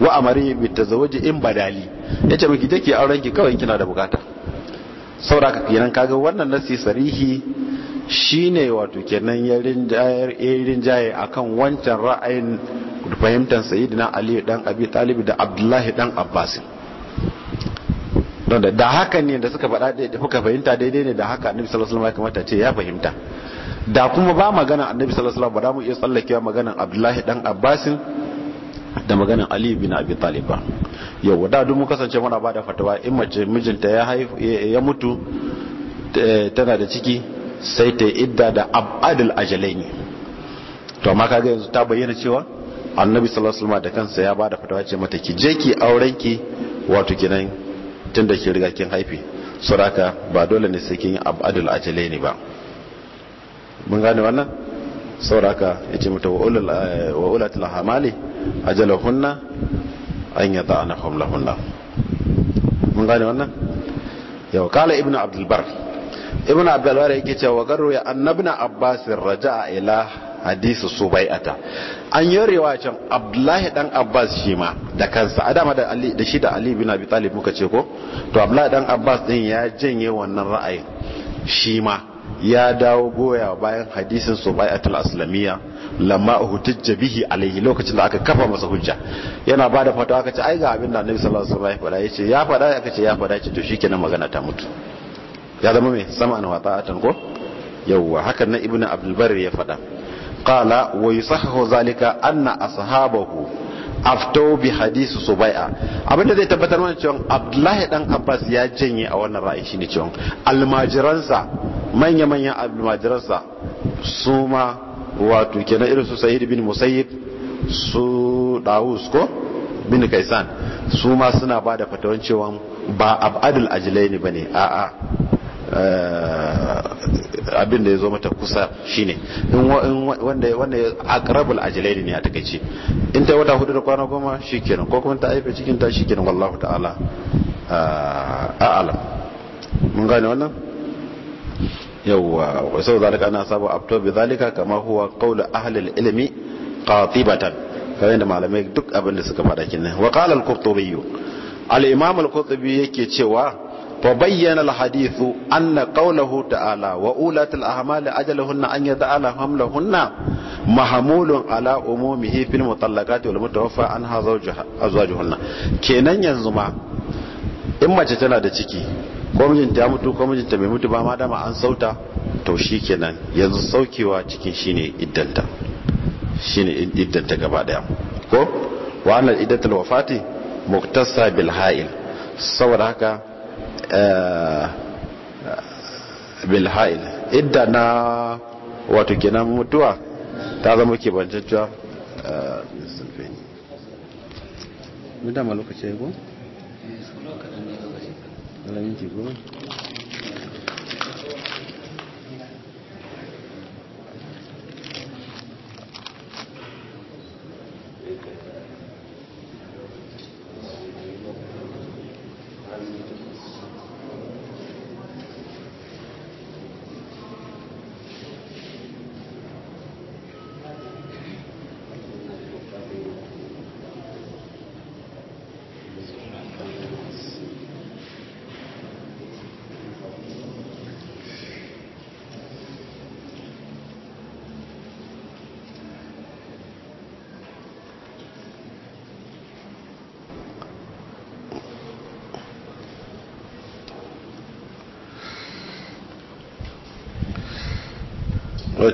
B: wa amari bi tazawuji in badali yace miki take auren ki kawai kina da bukata saboda ka kenan kaga wannan nasi sarihi Shi ne wato kenan ya rinjaye akan wancan ra'ayin fahimtar sayyidina ali dan abi talib da abdullahi dan abbas da haka ne da suka faɗa da fuka fahimta daidai ne da haka annabi sallallahu alaihi wasallam ya kamata ce ya fahimta da kuma ba magana annabi sallallahu alaihi wasallam ba da mu iya tsallakewa maganan abdullahi dan abbas da maganan ali bin abi talib yau da duk mun kasance muna ba da fatawa in mace mijinta ya mutu eh, tana da ciki sai ta idda da abadul ajalaini to amma kaga yanzu ta bayyana cewa annabi sallallahu alaihi wasallam da kansa ya bada fatawa ce mata ki je ki auren ki wato kinan tunda ki riga kin haife suraka ba dole ne sai kin yi abadul ajalaini ba mun gane wannan sauraka yace mata wa ulul wa ulatul hamali ajalahunna an yada'na lahunna mun gane wannan yau kala ibnu abdul bar ibn abdullah yake cewa garro ya annabna abbas raja'a ila hadisi subai'ata an yi can abdullahi dan abbas shi ma da kansa a dama da ali da shi da ali bin abi talib muka ce ko to abdullahi dan abbas din ya janye wannan ra'ayin shi ma ya dawo goya bayan hadisin subai'atul aslamiyya lamma uhtajja bihi alayhi lokacin da aka kafa masa hujja yana bada fatawa kace ai ga abin da annabi sallallahu alaihi wasallam ya faɗa ya faɗa aka ya faɗa ce to shikenan magana ta mutu ya zama mai sama an wata a ko yawwa hakan na ibnu abdulbar ya faɗa qala wa yusahhu zalika anna ashabahu aftau bi hadisi subai'a abinda zai tabbatar mana cewa abdullahi dan abbas ya janye a wannan ra'ayi shine cewa almajiransa manya manyan almajiransa su ma wato kenan irin su sa'id bin musayyib su dawus ko bin kaisan su ma suna ba da fatawan cewa ba abadul ajlaini bane a'a Eh, abin da ya zo mata kusa shine in wanda wanda aqrabul jilai ne a takeice in ta wata hudu da kwana goma shikenan ko kuma ta aife cikin ta shikenan wallahu ta'ala eh, a'lam mun gane wannan yawwa wa sau zalika ana sabu abto bi zalika kama huwa qawlu ahli al-ilmi qatibatan kamar da malamai duk abin da suka faɗa kenan wa qala al-qurtubi al-imam al-qurtubi yake cewa فبين الحديث أن قوله تعالى وأولاة الأعمال أجلهن أن يدعن حملهن محمول على أمومه في المطلقات والمتوفى عنها زوجهن أزواجهن كينان إما جتنا da ciki ko mijinta ya mutu ko mijinta bai mutu ba ma dama an sauta to nan yanzu saukewa cikin shine iddanta shine iddanta gaba daya ko wa wafati muktasa bilha'il saboda haka Eh, bilhail idda na wato kenan mutuwa ta zama kebancewa eh, mu dama lokaci ya eh, go?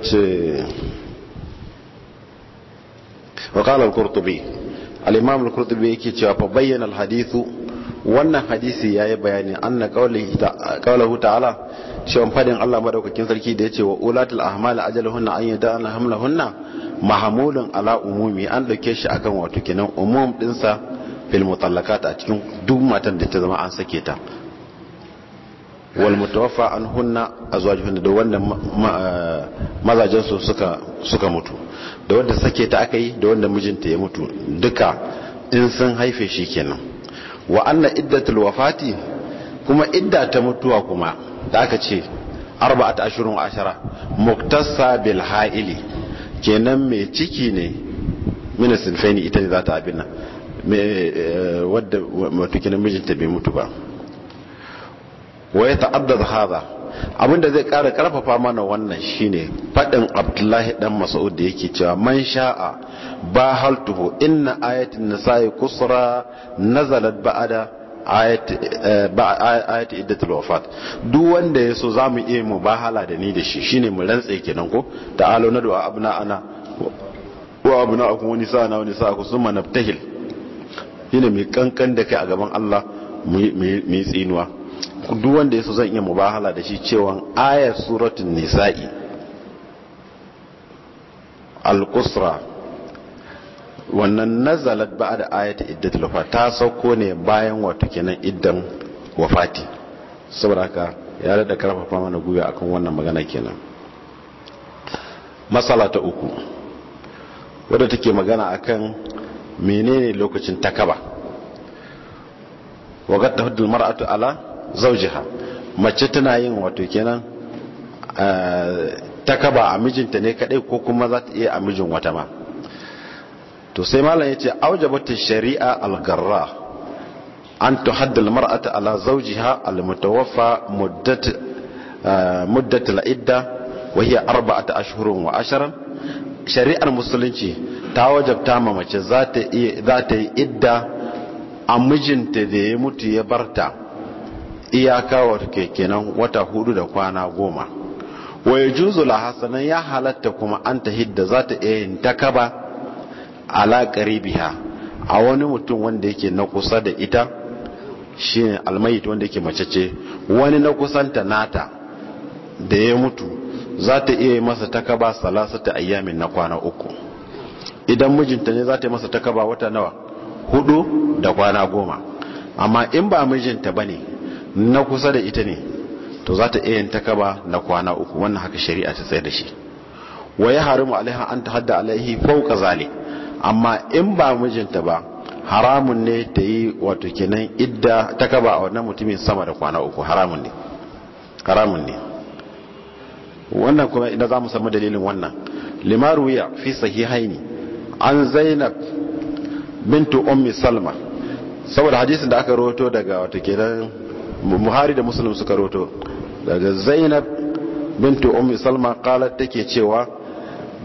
B: ce وقال القرطبي yake cewa bayyana تشافى wannan hadisi ya yi bayani an na kaulahu ta'ala cewa fadin Allah madaukakin sarki da ya ce wa ulatul ahmala ajalahunna an yada an hamlahunna mahamulun ala umumi an dauke shi akan wato kenan umum dinsa fil mutallaqat a cikin duk matan da ta zama an sake ta wal mutawaffa anhunna azwajuhunna da wannan mazajensu suka suka mutu da wanda sake ta aka yi da wanda mijinta ya mutu duka in sun haife shi kenan wa anna iddatul wafati kuma idda ta mutuwa kuma da aka ce arba'at ashurun ashara muktasa bil ha'ili kenan mai ciki ne mina faini ita ne za ta abin nan eh, wadda mutukin mijinta bai mutu ba wa ya ta'addad hadha abinda zai kara karfafa mana wannan shine fadin abdullahi dan mas'ud da yake cewa man sha'a ba haltuhu inna ayatin nisa'i kusra nazalat ba'ada ayat eh, iddatul wafat duk wanda ya so zamu iya mu bahala da ni da shi shine mu rantsa kenan ko ta'alu na du'a abna ana wa abna akum wani sa'ana nisa sa'akum summa nabtahil shine mai kankan da kai a gaban Allah mu tsinuwa duk wanda yaso zan iya mubahala da shi cewa ayat suratul nisa'i al-qusra wannan nazalat ba'da ayati iddat lufa ta sauko ne bayan wato kenan iddan wafati saboda haka ya rada karfafa mana guya akan wannan magana kenan masala ta uku wadda take magana akan menene lokacin takaba wa qad tahdul mar'atu ala zaujiha mace tana yin wato kenan ta kaba a mijinta ne kadai ko kuma za ta iya a mijin wata ma to sai malam ya ce aujabatu shari'a al-garra an tuhadda marata ala zawjiha al-mutawaffa muddat muddat al-idda wa hiya arba'ata ashhurun wa asharan shari'ar musulunci ta wajabta ma mace za ta yi idda a mijinta da ya mutu ya barta iyaka wata kenan wata hudu da kwana goma waye ya juzu lahasanan ya halatta kuma an ta hidda za ta iya yin takaba ala biya a wani mutum wanda yake na kusa da ita shi ne almayit wanda yake macece wani na kusanta nata da ya mutu za ta iya masa takaba salasata ayyamin na kwana uku idan mijinta ne za ta yi masa takaba wata nawa hudu da kwana goma amma in ba mijinta ba ne na kusa da ita ne to za ta iya yin takaba na kwana uku wannan haka shari'a ta tsaye da shi wa ya mu alaiha an ta hadda alaihi fauka zalik amma in ba mijinta ba haramun ne ta yi wato kenan idda takaba a wannan mutumin sama da kwana uku haramun ne haramun ne wannan kuma idan za mu samu dalilin wannan limaruya fi sahihaini an zainab bintu ummi salma saboda hadisin da aka rawato daga wato kenan buhari da muslim suka roto daga zainab bintu ummi salma kala take cewa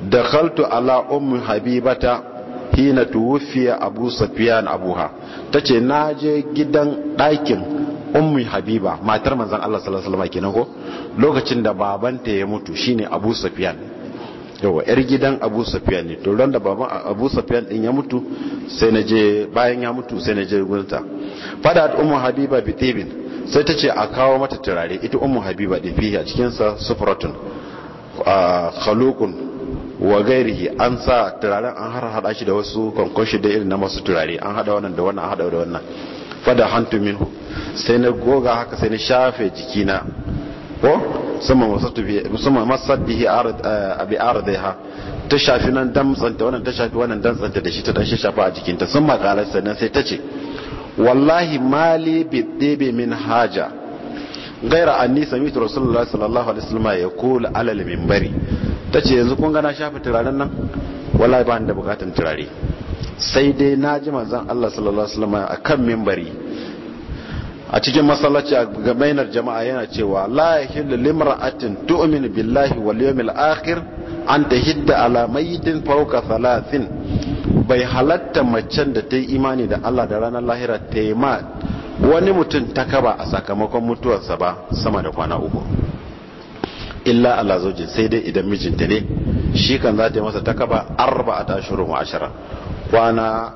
B: da kaltu ala ummi habibata hina tuwufiya abu ta abuha na je gidan ɗakin ummi habiba matar manzan Allah sallallahu alaihi kenan ko lokacin da babanta ya mutu shine abu sufyan yawa yar gidan abu safiyan ne to ran da baban abu safiyan din ya mutu sai je bayan ya mutu sai je gurinta fadat ummu habiba bitibin sai ta ce a kawo mata turare ita umu habiba da fiye a cikinsa a khalukun wa gairihi an sa turaren an har hada shi da wasu kwankwashi da irin na masu turare an hada wannan da wannan hada da wannan fada hantu min sai na goga haka sai na shafe jikina ko sama masar bihi abi ha ta shafi nan damtsanta wannan ta shafi wannan damtsanta da shi ta dan shafa a jikinta sun makalar sannan sai ta ce wallahi mali biddibi min haja gaira anni samitu rasulullah sallallahu alaihi wasallam ya kula alal minbari tace yanzu kun ga na shafa turaren nan wallahi ba da bukatun turare sai dai na ji manzon Allah sallallahu alaihi wasallam akan minbari a cikin masallaci a gamainar jama'a yana cewa la yahillu limra'atin tu'minu billahi wal yawmil akhir an ta hidda mayitin fauka salatin bai halatta macen da ta yi imani da Allah da ranar lahira ta yi ma wani mutum ta kaba a sakamakon mutuwarsa ba sama da kwana uku illa Allah zoji sai dai idan mijinta ne shi kan za ta yi masa ta kaba arba a tashirin ashira kwana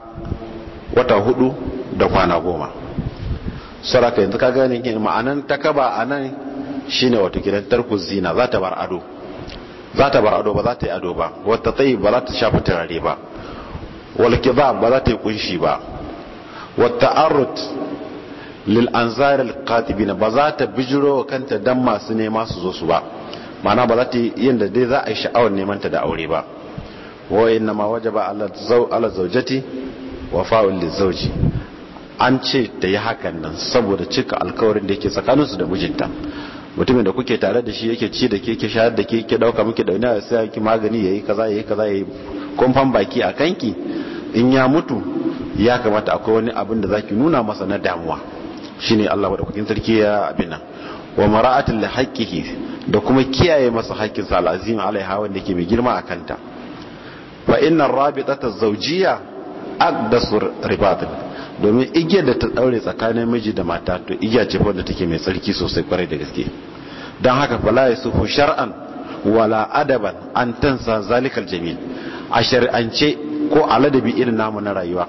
B: wata hudu da kwana goma saraka yanzu ka gani ma'anan ta kaba a nan shine wata gidan tarkus zina za ta bar ado za ta bar ado ba za ta yi ado ba wata tsayi ba za ta shafi turare ba wal kizam ba za ta yi kunshi ba wata arut lil anzar al qatibin ba za ta bijiro kanta dan masu nema su zo su ba ma'ana ba za ta yi yanda dai za a yi sha'awar neman ta da aure ba wa inna ma wajaba ala zawjati wafa'ul zauji. an ce ta yi hakan nan saboda cika alkawarin da yake tsakaninsu da mijinta mutumin da kuke tare da shi yake ci da ke ke shayar da ke ke dauka muke dauni a sai ki magani yayi kaza yayi kaza yayi kumfan baki a kanki in ya mutu ya kamata akwai wani abin da zaki nuna masa na damuwa shine Allah madaukakin sarki ya abin nan wa mara'atul haqqihi da kuma kiyaye masa haƙƙin sa alazim alaiha wanda yake mai girma akanta fa innar rabitata zawjiyya aqdasu ribatin domin igiyar da ta daure tsakanin miji da mata to igiya ce wanda take mai tsarki sosai kwarai da gaske don haka fala ya sufu shar'an wala adaban an tansa zalikal jamil a shari'ance ko a ladabi irin namu na rayuwa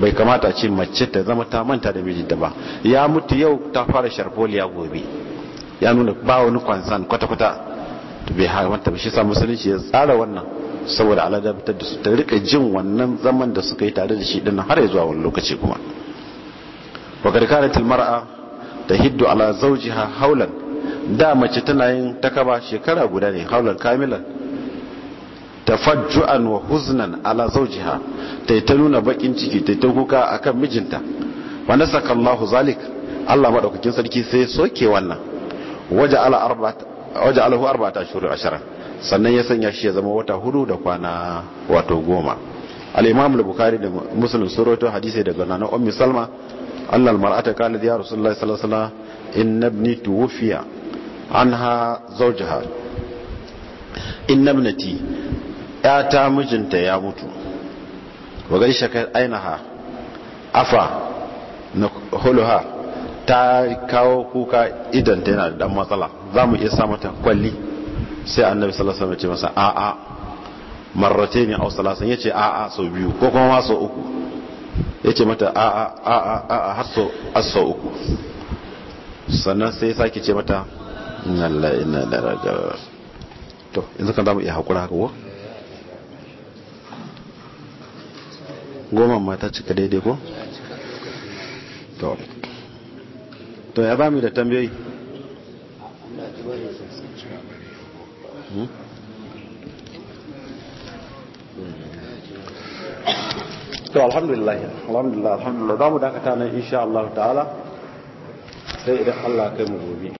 B: bai kamata ce mace ta zama ta manta da miji mijinta ba ya mutu yau ta fara sharfoliya gobe ya nuna ba wani kwansan kwata-kwata bai haramta ba shi sa musulunci ya tsara wannan saboda Allah da da su ta rika jin wannan zaman da suka yi tare da shi din har ya zuwa wani lokaci kuma wa tilmara ta hiddu ala zawjiha haulan da mace tana yin takaba shekara guda ne haulan kamilan tafajju'an wa huznan ala zawjiha tai ta nuna bakin ciki tai ta kuka akan mijinta wa nasaka Allahu zalik Allah maɗaukakin sarki sai soke wannan waje ala arba'a ta shuru ashirin. sannan ya sanya shi ya zama wata hudu da kwana wato goma al'imam imam al-bukhari da muslim sun rawaito hadisi daga nana ummi salma anna al-mar'ata qalat ya rasulullahi sallallahu alaihi wasallam inna ibni tuwfiya anha zawjaha inna ibnati ta mijinta ya mutu wa shakar aina ainaha afa na huluha ta kawo kuka idan ta yana da ɗan matsala za mu iya sa mata kwalli sai annabi sallallahu alaihi wasallam ya ce masa a'a marrate ne a salasan yace a'a so biyu ko kuma ma so uku yace mata a'a a'a a'a har so aso uku sannan sai ya sake ce mata Allah inna da rajawa to yanzu kan zamu iya hakura haka wa
A: goma mata cika daidai ko
B: to to ya ba mu da tambayoyi Hmm. to alhamdulillah alhamdulillah alhamdulillah damu dakata ne insha Allah taala sai idan Allah kai mu
C: gobe